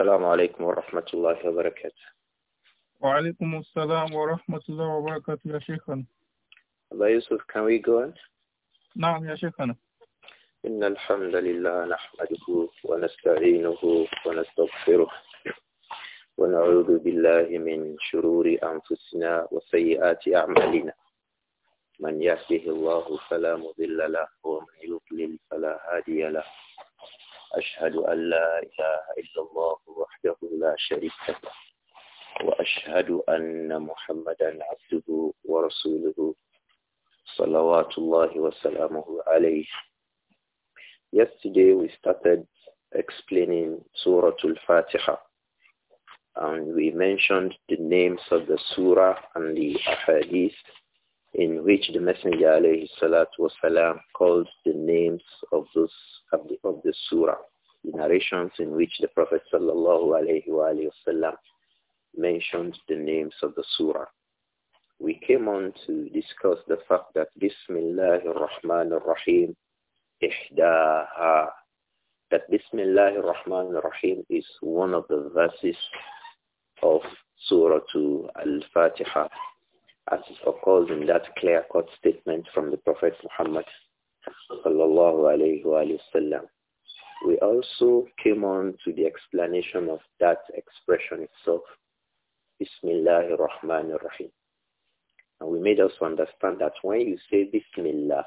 السلام عليكم ورحمة الله وبركاته وعليكم السلام ورحمة الله وبركاته يا شيخنا الله يوسف can we go on? نعم يا شيخنا إن الحمد لله نحمده ونستعينه ونستغفره ونعوذ بالله من شرور أنفسنا وسيئات أعمالنا من يهده الله فلا مضل له ومن يضلل فلا هادي له أشهد أن لا إله إلا الله وحده لا شريك له وأشهد أن محمدا عبده ورسوله صلوات الله وسلامه عليه Yesterday we started explaining Surah Al-Fatiha and we mentioned the names of the surah and the ahadith in which the Messenger alayhi salatu wasalam called the names of those of the, of the surah, the narrations in which the Prophet sallallahu alayhi wa wasallam mentioned the names of the surah. We came on to discuss the fact that Bismillah ar-Rahman ar-Rahim ihdaha, that Bismillah ar-Rahman ar-Rahim is one of the verses of Surah Al-Fatiha as is called in that clear-cut statement from the Prophet Muhammad sallallahu alayhi wa We also came on to the explanation of that expression itself, Bismillahir Rahmanir Rahim. And we made us understand that when you say Bismillah,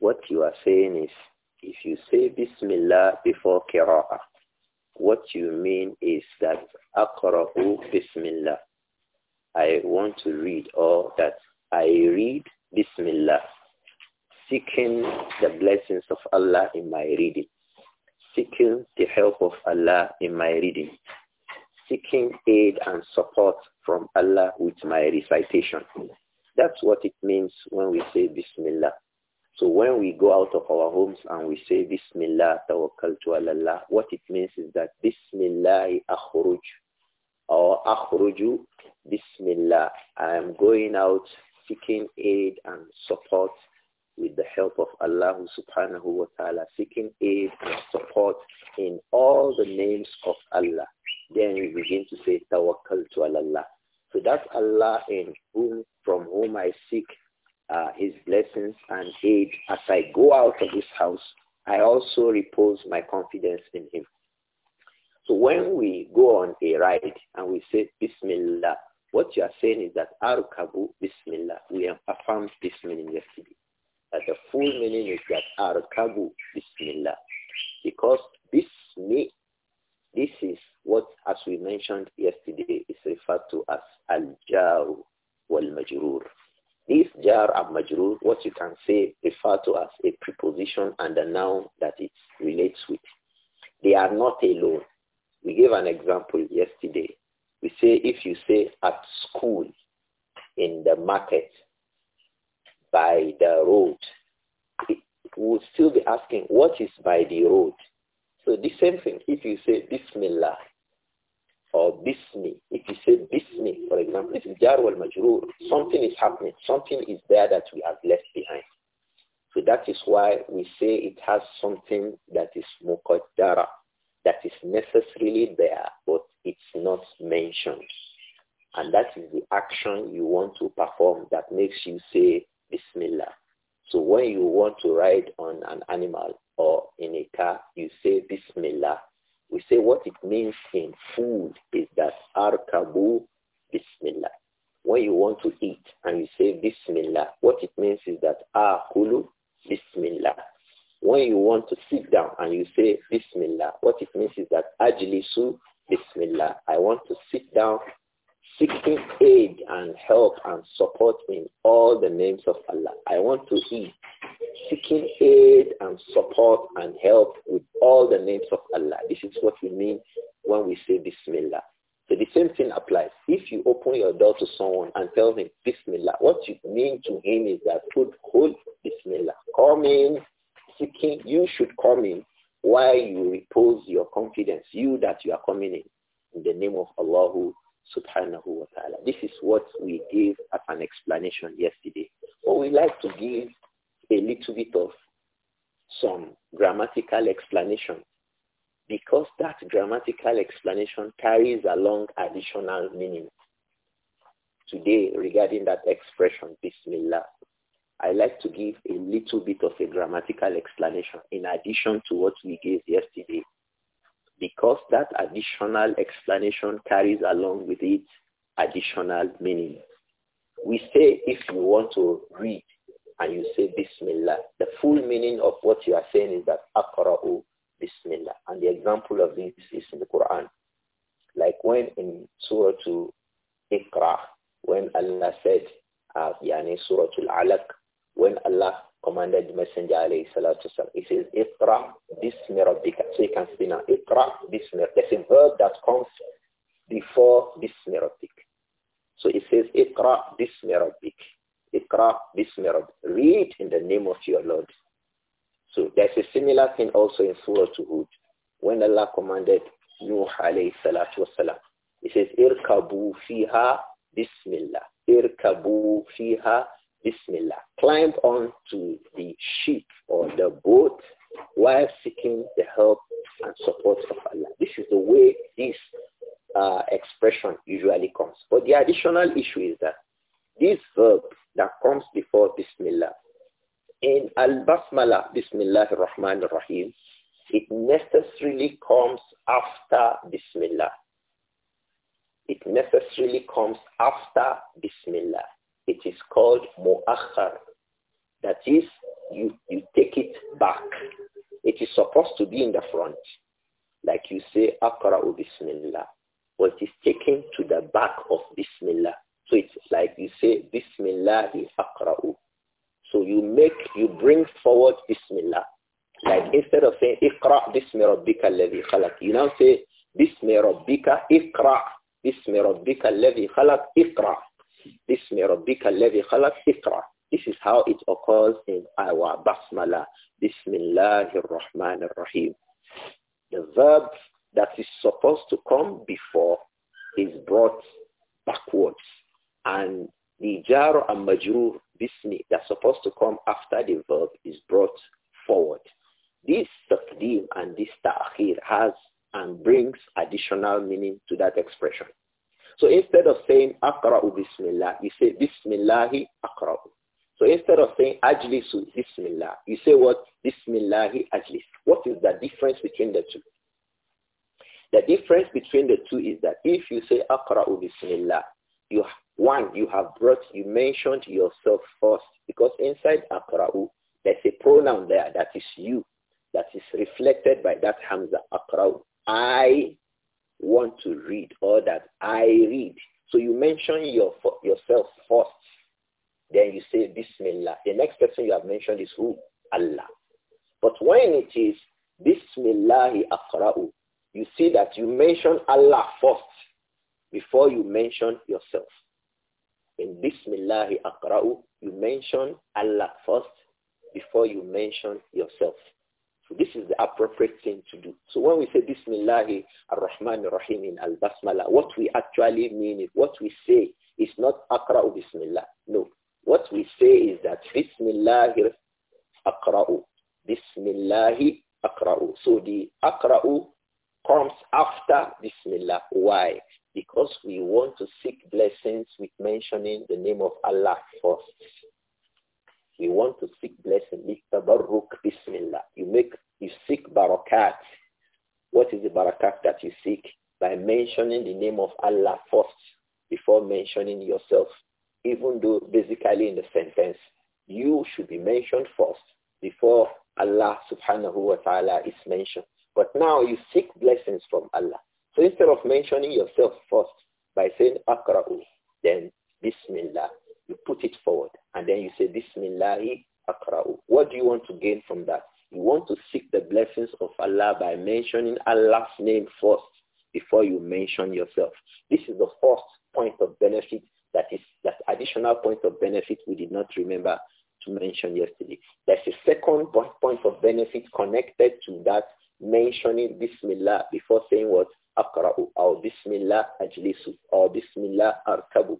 what you are saying is, if you say Bismillah before Qira'ah, what you mean is that Aqra'u Bismillah. I want to read or that I read Bismillah, seeking the blessings of Allah in my reading, seeking the help of Allah in my reading, seeking aid and support from Allah with my recitation. That's what it means when we say Bismillah. So when we go out of our homes and we say Bismillah tawakkaltu ala Allah, what it means is that Bismillah akhruj or akhruju Bismillah, I am going out seeking aid and support with the help of Allah subhanahu wa ta'ala, seeking aid and support in all the names of Allah. Then we begin to say tawakkal to Allah. So that's Allah in whom, from whom I seek uh, his blessings and aid. As I go out of this house, I also repose my confidence in him. So when we go on a ride and we say Bismillah, what you are saying is that Arukabu Bismillah, we have affirmed this meaning yesterday. That the full meaning is that Arukabu Bismillah. Because this me, this is what, as we mentioned yesterday, is referred to as Al-Jar wal-Majrur. This jar and majrur, what you can say, refer to as a preposition and a noun that it relates with. They are not alone. We gave an example yesterday we say if you say at school, in the market, by the road, it will still be asking, what is by the road? So the same thing, if you say Bismillah or Bismi, if you say Bismi, for example, if it's Jar something is happening, something is there that we have left behind. So that is why we say it has something that is muqaddara, that is necessarily there, but it's not mentioned. And that is the action you want to perform that makes you say Bismillah. So when you want to ride on an animal or in a car, you say Bismillah. We say what it means in food is that Arkabu Bismillah. When you want to eat and you say Bismillah, what it means is that Akulu Bismillah. When you want to sit down and you say Bismillah, what it means is that Ajlisu Bismillah. I want to sit down seeking aid and help and support in all the names of Allah. I want to eat seeking aid and support and help with all the names of Allah. This is what we mean when we say Bismillah. So the same thing applies. If you open your door to someone and tell him Bismillah, what you mean to him is that put hold Bismillah. Come in seeking, you should come in why you repose your confidence, you that you are coming in, in the name of Allah subhanahu wa ta'ala. This is what we gave as an explanation yesterday. But we like to give a little bit of some grammatical explanation because that grammatical explanation carries along additional meaning. Today, regarding that expression, Bismillah, I like to give a little bit of a grammatical explanation in addition to what we gave yesterday because that additional explanation carries along with it additional meaning. We say if you want to read and you say Bismillah, the full meaning of what you are saying is that Akra'u Bismillah. And the example of this is in the Quran. Like when in Surah 2, Iqra, when Allah said, uh, yani Surah Al-Alaq, when Allah commanded the Messenger alayhi salatu salam, he says, Iqra bismi rabbika. So you can see now, Iqra bismi There's a verb that comes before bismi rabbik. So it says, Iqra bismi rabbik. Iqra bismi rabbik. Read in the name of your Lord. So there's a similar thing also in Surah Hud. When Allah commanded Nuh alayhi salatu wasalam, he says, Irkabu fiha bismillah. Irkabu fiha Bismillah, climbed onto the ship or the boat while seeking the help and support of Allah. This is the way this uh, expression usually comes. But the additional issue is that this verb that comes before Bismillah, in Al-Basmala, Bismillah rahman rahim it necessarily comes after Bismillah. It necessarily comes after Bismillah. It is called mu'akhar. That is, you, you take it back. It is supposed to be in the front. Like you say, akra'u bismillah. But it is taken to the back of bismillah. So it's like you say, bismillah akra'u. So you make, you bring forward bismillah. Like instead of saying, ikra' bismi rabbika alladhi khalaq. You now say, bismi rabbika ikra' bismi rabbika alladhi khalaq ikra' This is how it occurs in our basmala. Bismillah ar-Rahman rahim The verb that is supposed to come before is brought backwards. And the jar and majrur bismi that's supposed to come after the verb is brought forward. This taqdeem and this ta'khir has and brings additional meaning to that expression. So instead of saying akra'u bismillah, you say bismillahi akra'u. So instead of saying ajlisu bismillah, you say what? Bismillahi ajlis. What is the difference between the two? The difference between the two is that if you say akra'u bismillah, you one, you have brought, you mentioned yourself first because inside akra'u, there's a pronoun there that is you, that is reflected by that hamza akra'u. I want to read or that I read. So you mention your, yourself first. Then you say Bismillah. The next person you have mentioned is who? Allah. But when it is Bismillahi akra'u, you see that you mention Allah first before you mention yourself. In Bismillahi akra'u, you mention Allah first before you mention yourself this is the appropriate thing to do. So when we say Bismillahi ar-Rahman rahim in al-Basmala, what we actually mean is what we say is not Akra'u Bismillah. No. What we say is that Bismillah Akra'u. Bismillah Akra'u. So the Akra'u comes after Bismillah. Why? Because we want to seek blessings with mentioning the name of Allah first. mentioning the name of Allah first before mentioning yourself, even though basically in the sentence, you should be mentioned first before Allah subhanahu wa ta'ala is mentioned. But now you seek blessings from Allah. So instead of mentioning yourself first by saying akra'u, then bismillah, you put it forward. And then you say bismillahi akra'u. What do you want to gain from that? You want to seek the blessings of Allah by mentioning Allah's name first mention yourself. This is the first point of benefit that is that additional point of benefit we did not remember to mention yesterday. There's a second point of benefit connected to that mentioning Bismillah before saying what Akra'u or Bismillah Ajlisu or Bismillah Arkabu.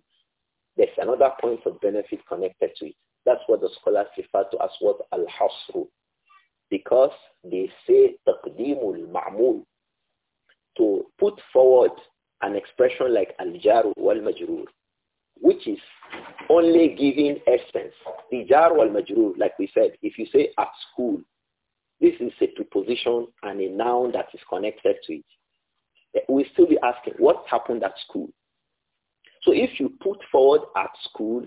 There's another point of benefit connected to it. That's what the scholars refer to as what Al-Hasru expression like al-jar wal-majrur, which is only giving essence. The jar wal-majrur, like we said, if you say at school, this is a preposition and a noun that is connected to it. Eh, we still be asking, what happened at school? So if you put forward at school,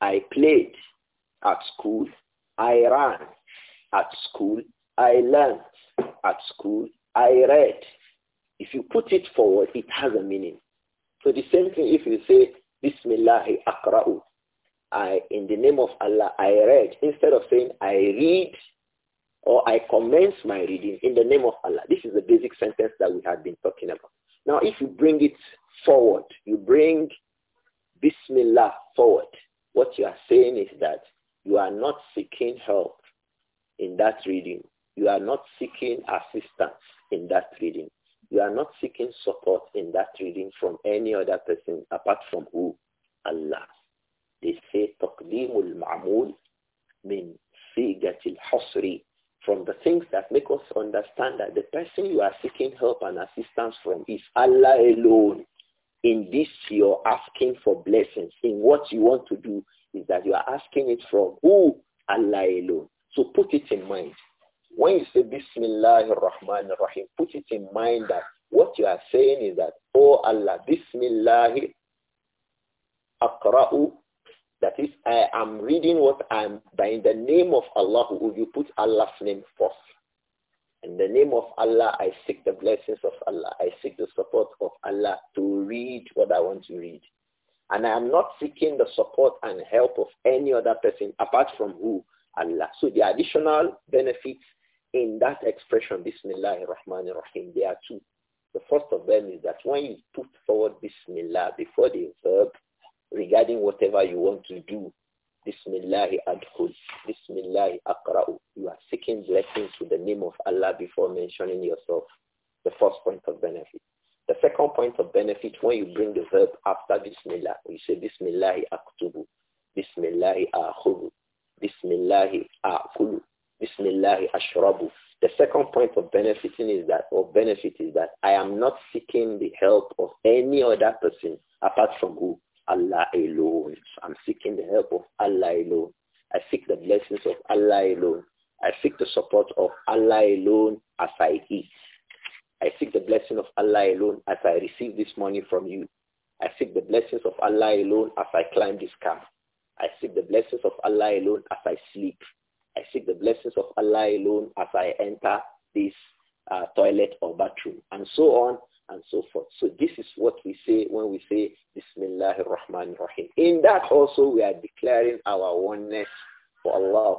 I played at school, I ran at school, I learned at school, I read. If you put it forward, it has a meaning same thing if you say, Bismillahi akra'u. I, in the name of Allah, I read. Instead of saying, I read or I commence my reading in the name of Allah. This is the basic sentence that we have been talking about. Now, if you bring it forward, you bring Bismillah forward, what you are saying is that you are not seeking help in that reading. You are not seeking assistance in that reading. You are not seeking support in that reading from any other person apart from who? Allah. They say taqdeemul ma'mul min sigatil hasri from the things that make us understand that the person you are seeking help and assistance from is Allah alone. In this, you're asking for blessings. In what you want to do is that you are asking it from who? Allah alone. So put it in mind. When you say Bismillahir Rahmanir Rahim, put it in mind that what you are saying is that, Oh Allah, Bismillah Akra'u, that is, I am reading what I'm, by the name of Allah, will you put Allah's name first? In the name of Allah, I seek the blessings of Allah. I seek the support of Allah to read what I want to read. And I am not seeking the support and help of any other person apart from who? Allah. So the additional benefits in that expression, Bismillah ar-Rahman ar-Rahim, there are two. The first of them is that when you put forward Bismillah before the verb regarding whatever you want to do, Bismillah adkhul, Bismillah akra'u, you are seeking blessings with the name of Allah before mentioning yourself. The first point of benefit. The second point of benefit, when you bring the verb after Bismillah, you say Bismillah aktubu, Bismillah akhulu, Bismillah akulu. Bismillah ashrabu. The second point of benefiting is that, or benefit is that I am not seeking the help of any other person apart from who? Allah alone. I'm seeking the help of Allah alone. I seek the blessings of Allah alone. I seek the support of Allah alone as I eat. I seek the blessing of Allah alone as I receive this money from you. I seek the blessings of Allah alone as I climb this camp. I seek the blessings of Allah alone as I sleep. I seek the blessings of Allah alone as I enter this uh, toilet or bathroom, and so on and so forth. So this is what we say when we say Bismillahir Rahmanir Rahim. In that also we are declaring our oneness for Allah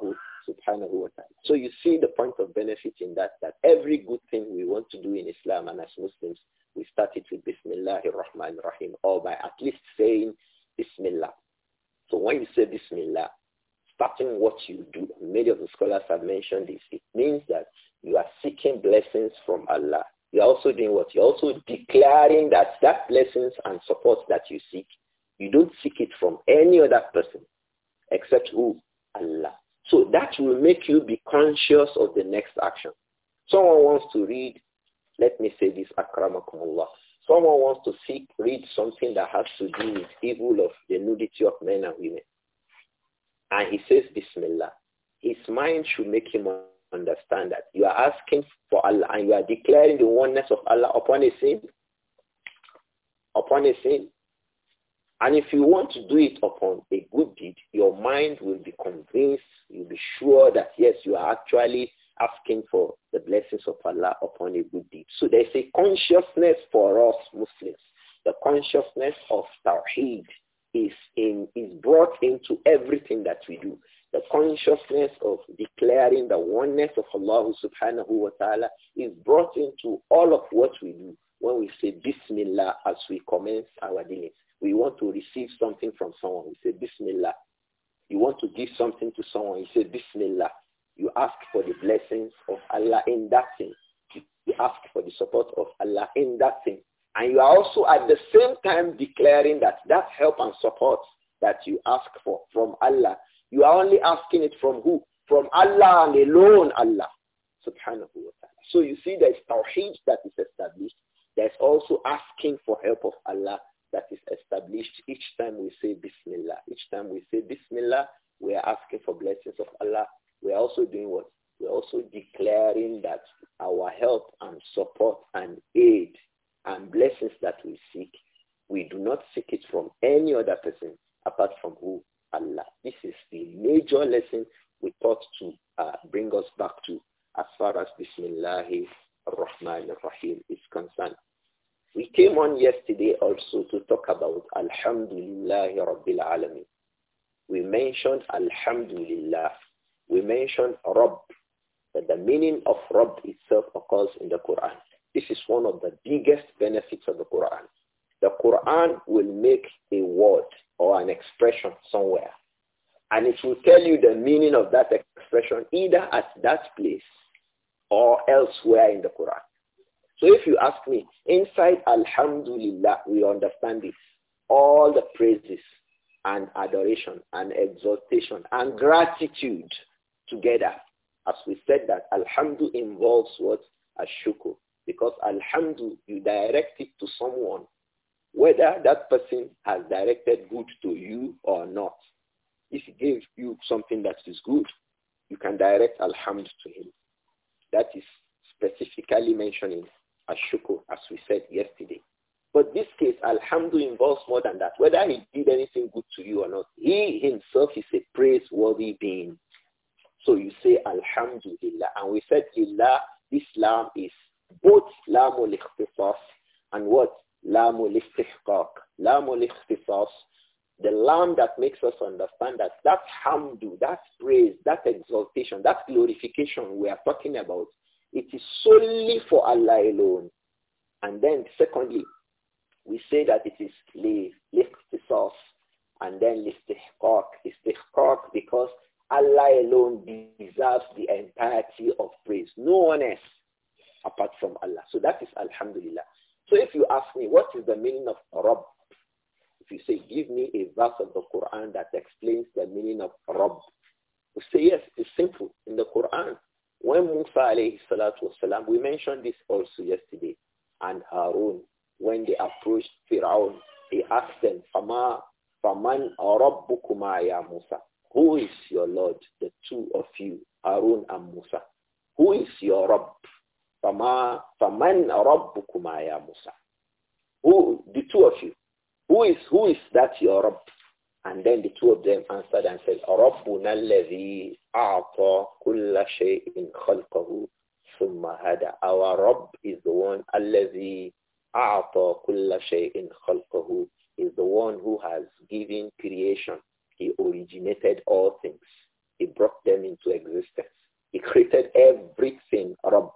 subhanahu wa ta'ala. So you see the point of benefit in that, that every good thing we want to do in Islam and as Muslims, we start it with Bismillahir Rahmanir Rahim or by at least saying Bismillah. So when you say Bismillah, what you do, many of the scholars have mentioned this. It means that you are seeking blessings from Allah. You're also doing what? You're also declaring that that blessings and support that you seek, you don't seek it from any other person except who? Allah. So that will make you be conscious of the next action. Someone wants to read, let me say this, akramakumullah. Someone wants to seek, read something that has to do with evil of the nudity of men and women and he says Bismillah, his mind should make him understand that you are asking for Allah and you are declaring the oneness of Allah upon a sin, upon a sin. And if you want to do it upon a good deed, your mind will be convinced, you'll be sure that yes, you are actually asking for the blessings of Allah upon a good deed. So there's a consciousness for us Muslims, the consciousness of Tawheed, is in is brought into everything that we do. The consciousness of declaring the oneness of Allah subhanahu wa ta'ala is brought into all of what we do when we say Bismillah as we commence our dealings. We want to receive something from someone, we say Bismillah. You want to give something to someone, you say Bismillah. You ask for the blessings of Allah in that thing. You ask for the support of Allah in that thing. And you are also at the same time declaring that that help and support that you ask for from Allah, you are only asking it from who? From Allah and alone Allah. Subhanahu wa ta'ala. So you see there's tawheed that is established. There's also asking for help of Allah that is established each time we say Bismillah. Each time we say Bismillah, we are asking for blessings of Allah. We are also doing what? We are also declaring that our help and support and aid and blessings that we seek, we do not seek it from any other person apart from who? Allah. This is the major lesson we thought to uh, bring us back to as far as Bismillah ar-Rahman ar-Rahim is concerned. We came on yesterday also to talk about Alhamdulillah Rabbil Alameen. We mentioned Alhamdulillah. We mentioned Rabb, that the meaning of Rabb itself occurs in the Quran. This is one of the biggest benefits of the Quran. The Quran will make a word or an expression somewhere. And it will tell you the meaning of that expression either at that place or elsewhere in the Quran. So if you ask me, inside Alhamdulillah, we understand this. All the praises and adoration and exaltation and gratitude together. As we said that Alhamdulillah involves what? Ashukur. Because alhamdu, you direct it to someone, whether that person has directed good to you or not. If he gave you something that is good, you can direct alhamd to him. That is specifically mentioning ashukur, as we said yesterday. But this case, alhamdu involves more than that. Whether he did anything good to you or not, he himself is a praiseworthy being. So you say alhamdulillah. And we said illah Islam is both lamul ikhtisas and what? Lamul istihqaq. Lamul ikhtisas, the lamb that makes us understand that that hamdu, that praise, that exaltation, that glorification we are talking about, it is solely for Allah alone. And then secondly, we say that it is li, liqtisas, and then listihqaq, istihqaq, because Allah alone deserves the entirety of praise. No one else apart from Allah. So that is Alhamdulillah. So if you ask me, what is the meaning of Rabb? If you say, give me a verse of the Quran that explains the meaning of Rabb, you say, yes, it's simple. In the Quran, when Musa alayhi salatu wasalam, we mentioned this also yesterday, and Harun, when they approached Fir'aun, he asked them, Fama, Faman Rabbukuma ya Musa. Who is your Lord, the two of you, Harun and Musa? Who is your Rabb? Fama, Faman Rabbukuma ya Musa. Who, the two of you, who is, who is that your Rabb? And then the two of them answered and said, رَبُّنَا الَّذِي أَعْطَى كُلَّ شَيْءٍ خَلْقَهُ ثُمَّ هَدَى Our Rabb is the one, الَّذِي أَعْطَى كُلَّ شَيْءٍ خَلْقَهُ is the one who has given creation. He originated all things. He brought them into existence. He created everything, Rabb.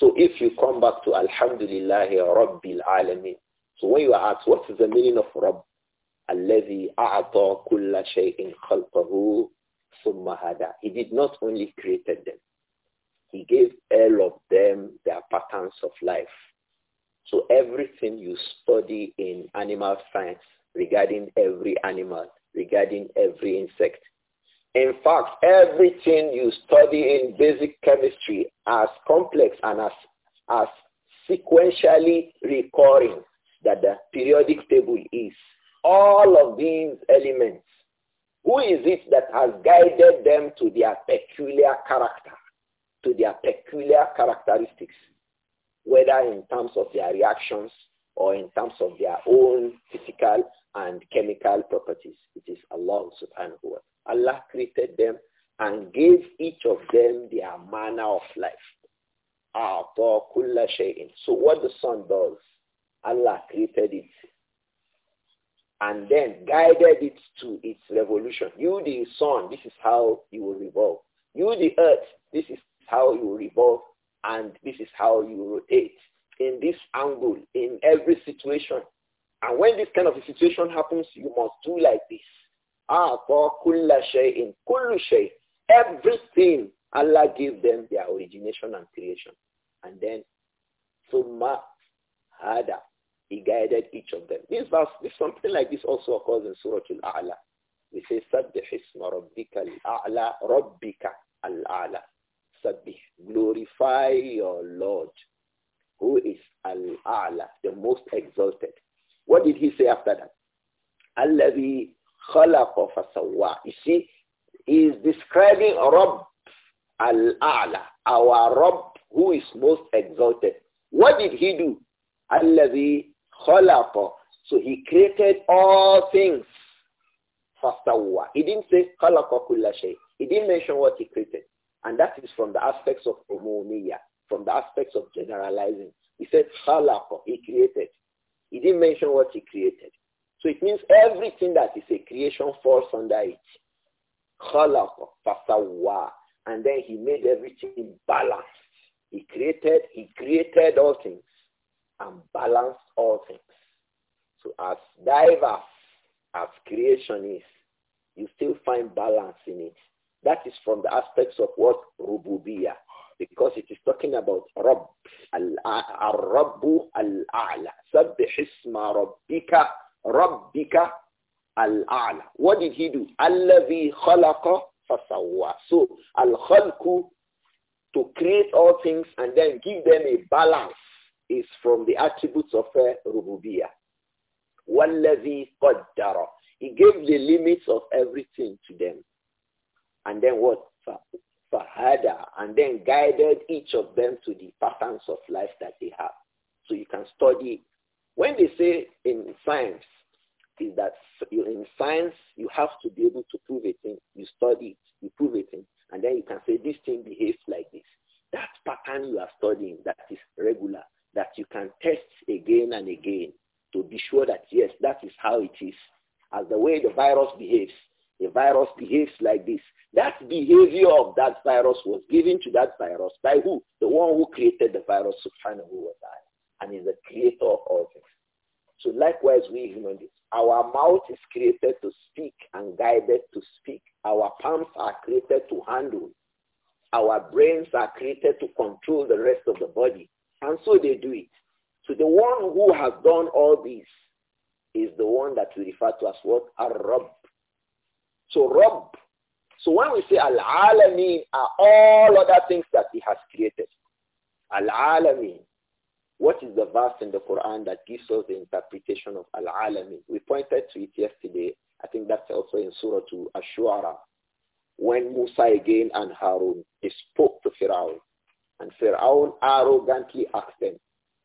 So if you come back to Alhamdulillah Rabbil Alameen, so when you are asked what is the meaning of Rabb, Alladhi a'ata kulla shay'in khalqahu summa hada. He did not only created them. He gave all of them their patterns of life. So everything you study in animal science regarding every animal, regarding every insect, in fact, everything you study in basic chemistry as complex and as, as sequentially recurring that the periodic table is. All of these elements, who is it that has guided them to their peculiar character, to their peculiar characteristics, whether in terms of their reactions or in terms of their own physical and chemical properties? It is Allah subhanahu wa ta'ala. Allah created them and gave each of them their manner of life. So what the sun does, Allah created it and then guided it to its revolution. You, the sun, this is how you will revolve. You, the earth, this is how you will revolve and this is how you rotate in this angle, in every situation. And when this kind of a situation happens, you must do like this. Ah, everything Allah gave them their origination and creation and then ثم هذا he guided each of them. This verse, this something like this also occurs in Surah Al-A'la. We say, Sabbih isma rabbika al-a'la, rabbika al-a'la. Sabbih, glorify your Lord, who is al-a'la, the most exalted. What did he say after that? Allavi خَلَقَ فَسَوَّى You see, is describing Rabb al-A'la, our Rabb who is most exalted. What did he do? الَّذِي خَلَقَ So he created all things. فَسَوَّى He didn't say خَلَقَ كُلَّ He didn't mention what he created. And that is from the aspects of umumiyya, from the aspects of generalizing. He said khalaqa, he created. He didn't mention what he created. So it means everything that is a creation falls under it. Khalaqa, fasawa. And then he made everything balanced. He created, he created all things and balanced all things. So as diverse as creation is, you still find balance in it. That is from the aspects of what rububiya, because it is talking about Rabb al-Rabbu al-A'la. Sabbih isma rabbika Rabbika al-a'la. What did he do? Allazi khalaqa fasawwa. So al-khalqu, to create all things and then give them a balance, is from the attributes of uh, rububiyah. Wallazi qaddara. He gave the limits of everything to them. And then what? Fahada. And then guided each of them to the patterns of life that they have. So you can study when they say in science, is that in science you have to be able to prove a thing. You study it, you prove a thing, and then you can say this thing behaves like this. That pattern you are studying that is regular, that you can test again and again to be sure that yes, that is how it is. As the way the virus behaves, the virus behaves like this. That behavior of that virus was given to that virus by who? The one who created the virus, who was that? and is the creator of all things. So likewise, we human beings, our mouth is created to speak and guided to speak. Our palms are created to handle. Our brains are created to control the rest of the body. And so they do it. So the one who has done all this is the one that we refer to as what? a rabb So Rabb. So when we say Al-Alamin are all other things that he has created. Al-Alamin. What is the verse in the Quran that gives us the interpretation of al alami We pointed to it yesterday. I think that's also in Surah to Ash-Shu'ara. When Musa again and Harun, they spoke to Pharaoh. And Pharaoh arrogantly asked them,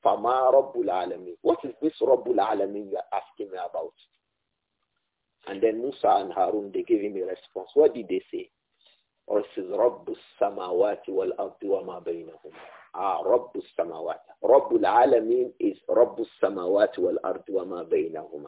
Fama Rabbul alami?" What is this Rabbul alami" you are asking me about? And then Musa and Harun, they gave him a response. What did they say? Or says Rabbus Samawati wal Ardi wa ma are ah, Rabbus Samawat. Rabbul Alameen is Rabbus Samawat wal Ard wa ma baynahuma.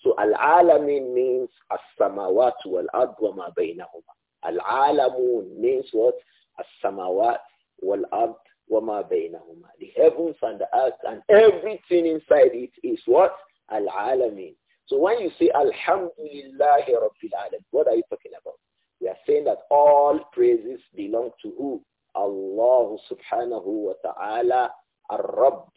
So Al-Alamin means As-Samawat wal Ard wa ma baynahuma. Al-Alamun means what? As-Samawat wal Ard wa ma baynahuma. The heavens and the earth and everything inside it is what? Al-Alamin. So when you say Alhamdulillahi Rabbil Alamin, what are you talking about? We are saying that all praises belong to who? Allah subhanahu wa ta'ala rabb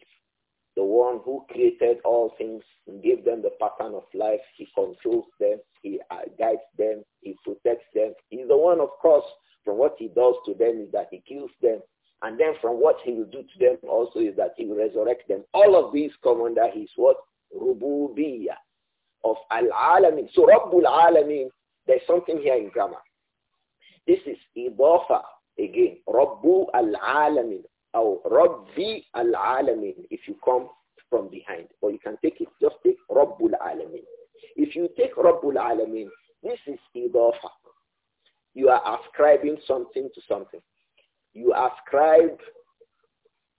the one who created all things, gave them the pattern of life, he controls them, he uh, guides them, he protects them. He's the one, of course, from what he does to them is that he kills them. And then from what he will do to them also is that he will resurrect them. All of these come under his what? Rububiyah of Al-Alamin. So Rabbul Alamin, there's something here in grammar. This is Idafa again, Rabbu al-alamin or Rabbi al-alamin if you come from behind. Or you can take it, just take al alamin. If you take al alamin, this is idafa. You are ascribing something to something. You ascribe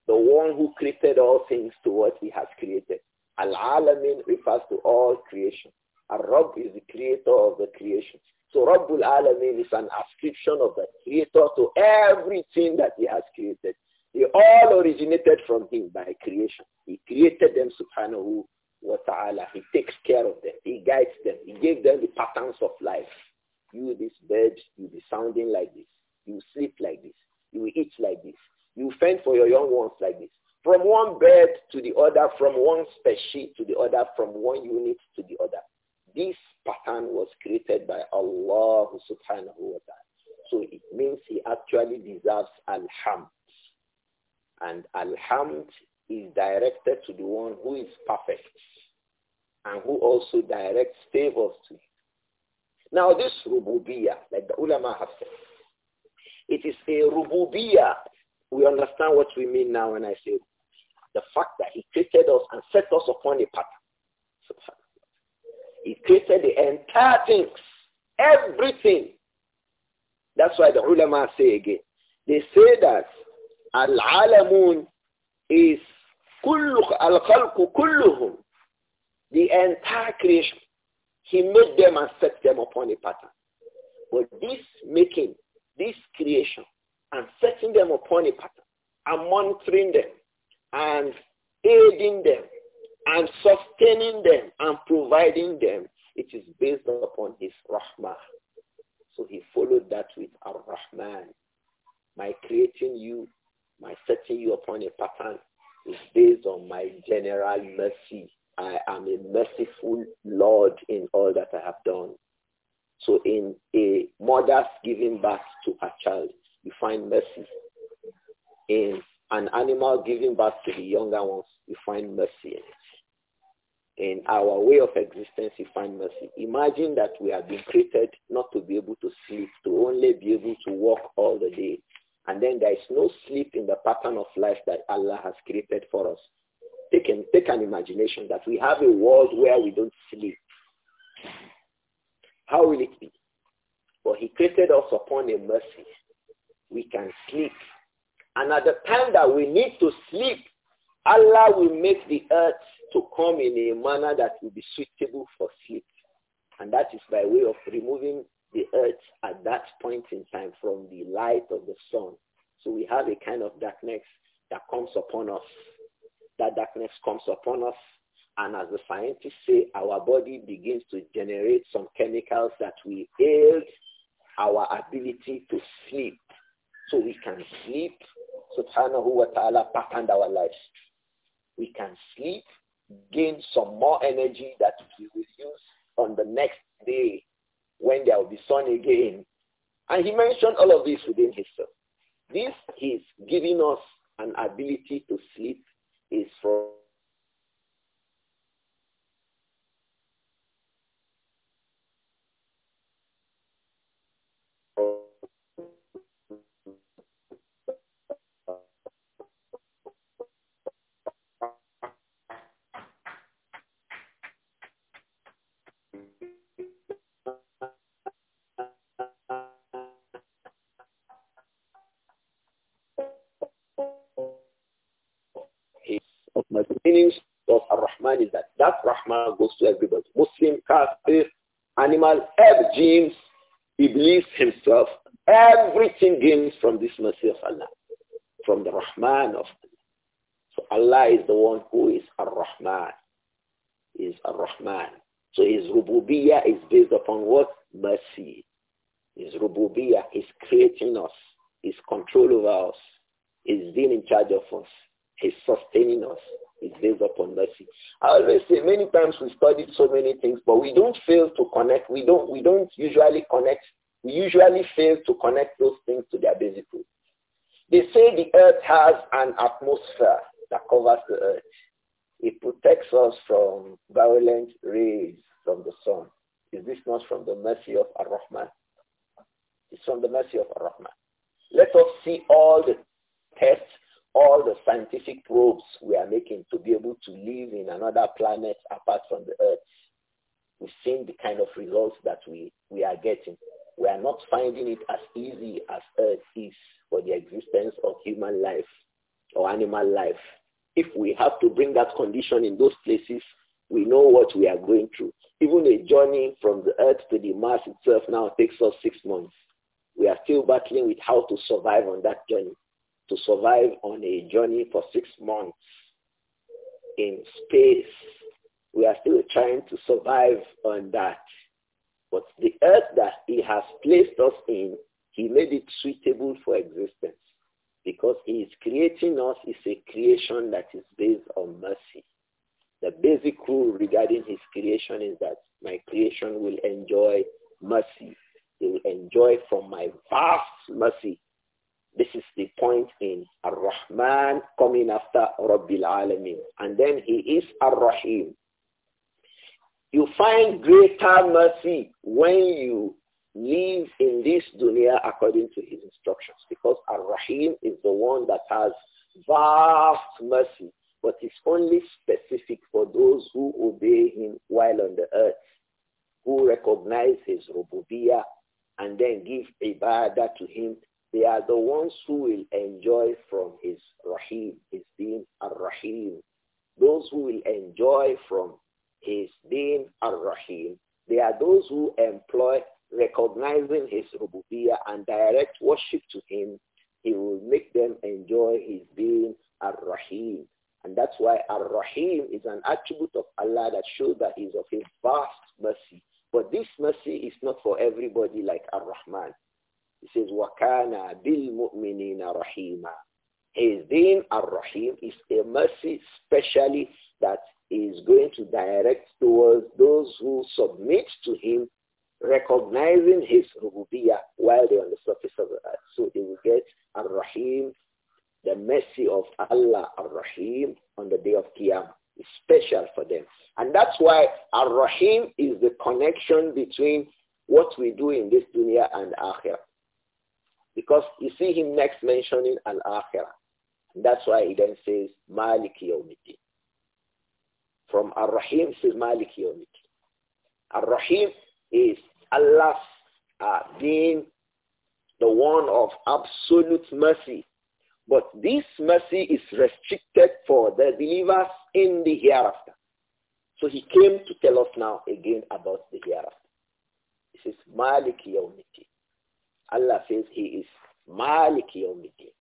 the one who created all things to what he has created. Al-alamin refers to all creation. Al-Rabb is the creator of the creations. So Rabbul Alameen is an ascription of the Creator to everything that he has created. They all originated from him by creation. He created them, subhanahu wa ta'ala. He takes care of them. He guides them. He gave them the patterns of life. You, this bird, you be sounding like this. You sleep like this. You eat like this. You fend for your young ones like this. From one bed to the other, from one species to the other, from one unit to the other. This pattern was created by Allah subhanahu wa ta'ala. So it means he actually deserves alhamd. And alhamd is directed to the one who is perfect and who also directs favors to him. Now this rububiyah, like the ulama have said, it is a rububiyah. We understand what we mean now when I say the fact that he created us and set us upon a pattern. He created the entire things, everything. That's why the ulama say again. They say that al-alamun is kullu al-khalqu kulluhum. The entire creation. He made them and set them upon a pattern. But this making, this creation, and setting them upon a pattern, and monitoring them, and aiding them, and sustaining them and providing them, it is based upon his rahmah. So he followed that with ar-Rahman. My creating you, my setting you upon a pattern is based on my general mercy. I am a merciful Lord in all that I have done. So in a mother's giving birth to her child, you find mercy. In an animal giving birth to the younger ones, you find mercy in it. In our way of existence, you find mercy. Imagine that we have been created not to be able to sleep, to only be able to walk all the day. And then there is no sleep in the pattern of life that Allah has created for us. Take an, take an imagination that we have a world where we don't sleep. How will it be? Well, he created us upon a mercy. We can sleep and at the time that we need to sleep, Allah will make the earth to come in a manner that will be suitable for sleep. And that is by way of removing the earth at that point in time from the light of the sun. So we have a kind of darkness that comes upon us. That darkness comes upon us. And as the scientists say, our body begins to generate some chemicals that will aid our ability to sleep. So we can sleep subhanahu wa ta'ala patterned our lives. We can sleep, gain some more energy that we will use on the next day when there will be sun again. And he mentioned all of this within himself. This is giving us an ability to sleep is from meanings of Ar-Rahman is that that Rahman goes to everybody. Muslim, Kafir, animal, every He Iblis himself, everything gains from this mercy of Allah, from the Rahman of Allah. So Allah is the one who is Ar-Rahman, is Ar-Rahman. So his rububiyah is based upon what? Mercy. His rububiyah is creating us, his control over us, his being in charge of us, his sustaining us, it based upon mercy. I always say many times we studied so many things, but we don't fail to connect. We don't, we don't usually connect. We usually fail to connect those things to their basic roots. They say the earth has an atmosphere that covers the earth. It protects us from violent rays from the sun. Is this not from the mercy of Ar-Rahman? It's from the mercy of Ar-Rahman. Let us see all the tests all the scientific probes we are making to be able to live in another planet apart from the Earth. We've seen the kind of results that we, we are getting. We are not finding it as easy as Earth is for the existence of human life or animal life. If we have to bring that condition in those places, we know what we are going through. Even a journey from the Earth to the Mars itself now takes us six months. We are still battling with how to survive on that journey to survive on a journey for six months in space. We are still trying to survive on that. But the earth that he has placed us in, he made it suitable for existence because he is creating us is a creation that is based on mercy. The basic rule regarding his creation is that my creation will enjoy mercy. It will enjoy from my vast mercy this is the point in Ar-Rahman coming after Rabbil Alameen. And then he is Ar-Rahim. You find greater mercy when you live in this dunya according to his instructions because Ar-Rahim is the one that has vast mercy but it's only specific for those who obey him while on the earth, who recognize his rububiyah and then give ibadah to him they are the ones who will enjoy from his Rahim, his deen ar-Rahim. Those who will enjoy from his deen ar-Rahim, they are those who employ recognizing his rububiyyah and direct worship to him. He will make them enjoy his deen ar-Rahim. And that's why ar-Rahim is an attribute of Allah that shows that he is of a vast mercy. But this mercy is not for everybody like Ar-Rahman. He says, وَكَانَ بِالْمُؤْمِنِينَ رَحِيمًا His deen ar-Rahim is a mercy specially that is going to direct towards those who submit to him, recognizing his rububiyah while they're on the surface of the earth. So they will get ar-Rahim, the mercy of Allah ar-Rahim on the day of Qiyamah. special for them. And that's why ar-Rahim is the connection between what we do in this dunya and akhirah. Because you see him next mentioning Al-Akhirah. That's why he then says Malik Yawmiddin. From Ar-Rahim says Malik Yawmiddin. Ar-Rahim is Allah uh, being the one of absolute mercy. But this mercy is restricted for the believers in the hereafter. So he came to tell us now again about the hereafter. This is Malik Yawmiddin. Allah says he is Malik Yawmiddin.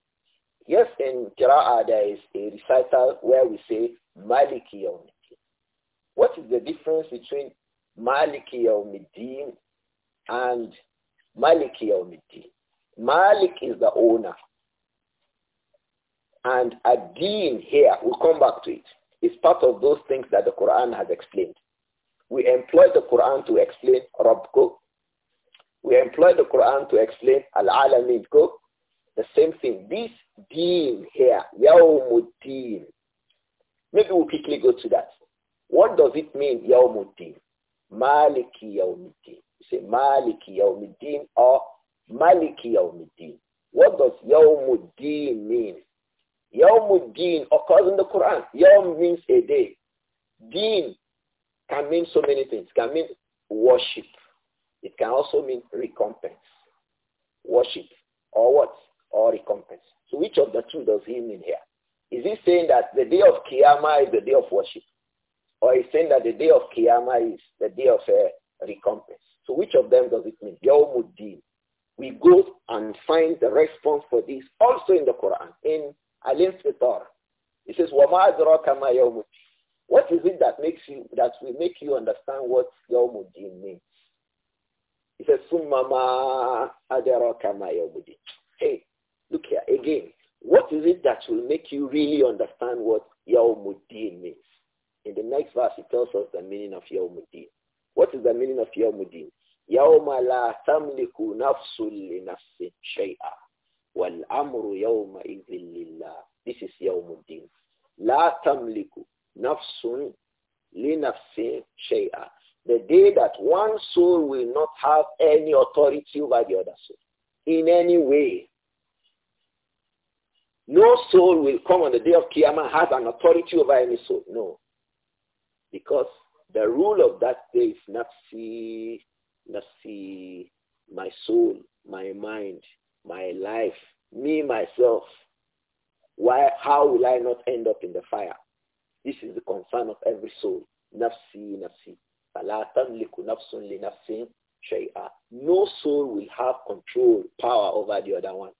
Yes, in Qira'ah there is a recital where we say Malik Yawmiddin. What is the difference between Malik Yawmiddin and Malik Yawmiddin? Malik is the owner. And a deen here, we'll come back to it, is part of those things that the Quran has explained. We employ the Quran to explain Rabko, we employ the Quran to explain Al-Alamin. Go. The same thing. This deen here, Yawmuddin. Maybe we'll quickly go to that. What does it mean, Yawmuddin? Maliki Yawmuddin. You say Maliki Yawmuddin or Maliki Yawmuddin. What does Yawmuddin mean? Yawmuddin occurs in the Quran. Yawm means a day. Deen can mean so many things. It can mean worship. It can also mean recompense, worship, or what? Or recompense. So which of the two does he mean here? Is he saying that the day of Qiyamah is the day of worship? Or is he saying that the day of Qiyamah is the day of uh, recompense? So which of them does it mean? Yawmuddin. We go and find the response for this also in the Quran, in Al-Infitar. It says, وَمَا أَدْرَاكَ what is it that makes you that will make you understand what Yawmuddin means? He says, Sumama Adarokama Yomudi. Hey, look here again. What is it that will make you really understand what Yaumuddin means? In the next verse, it tells us the meaning of Yaumuddin. What is the meaning of Yaumuddin? Yauma la tamliku nafsul li nafsin shay'a. Wal amru yawma lillah. This is Yaumuddin. La tamliku nafsun li nafsin shay'a. The day that one soul will not have any authority over the other soul in any way. No soul will come on the day of Qiyamah has an authority over any soul. No. Because the rule of that day is nafsi, nafsi, my soul, my mind, my life, me, myself. Why, how will I not end up in the fire? This is the concern of every soul. Nafsi, nafsi. No soul will have control, power over the other one.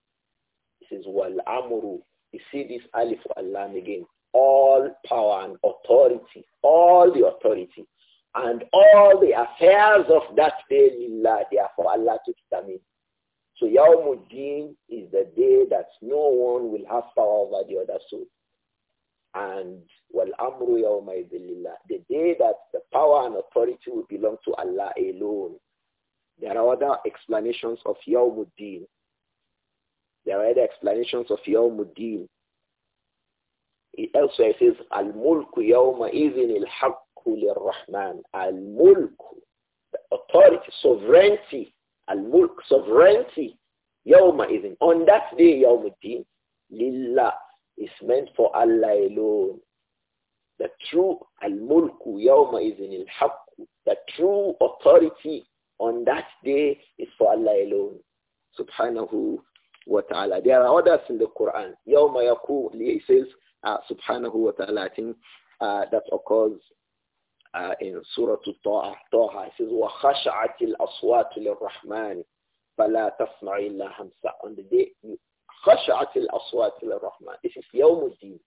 This is wal amru. You see this alif alam again. All power and authority, all the authority, and all the affairs of that day, lillah, they are for Allah to determine. So Yawmuddin is the day that no one will have power over the other soul. And وَالْأَمْرُ يَوْمَئِذٍ لِلَّهِ The day that the power and authority will belong to Allah alone. There are other explanations of Yawmuddin. There are other explanations of Yawmuddin. It also it says, Al-Mulku Yawma Izin Al-Hakku Rahman. Al-Mulku. The authority, sovereignty. Al-Mulk, sovereignty. Yawma Izin. On that day, Yawmuddin, Lillah is meant for Allah alone. The true al-mulku yawma izin al The true authority on that day is for Allah alone. Subhanahu wa ta'ala. There are others in the Quran. Yawma yaku, he says, uh, subhanahu wa ta'ala, I think uh, that occurs uh, in Surah Taha. Taha. It says, وَخَشَعَتِ lil-Rahman, fāla تَسْمَعِ إِلَّا hamsa On the day, خَشَعَتِ lil lil-Rahman. This is Yawmuddin.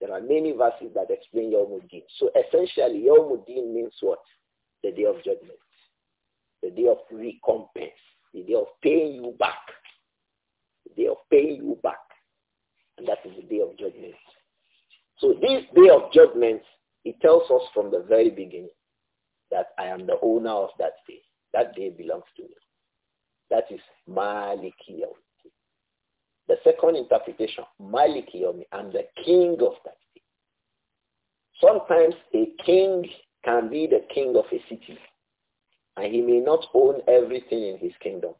There are many verses that explain Yomudin. So essentially, Yomudin means what? The day of judgment, the day of recompense, the day of paying you back, the day of paying you back. And that is the day of judgment. So this day of judgment, it tells us from the very beginning that I am the owner of that day. That day belongs to me. That is Malikiyawm. The second interpretation, Maliki, Yomi, I'm the king of that city. Sometimes a king can be the king of a city, and he may not own everything in his kingdom.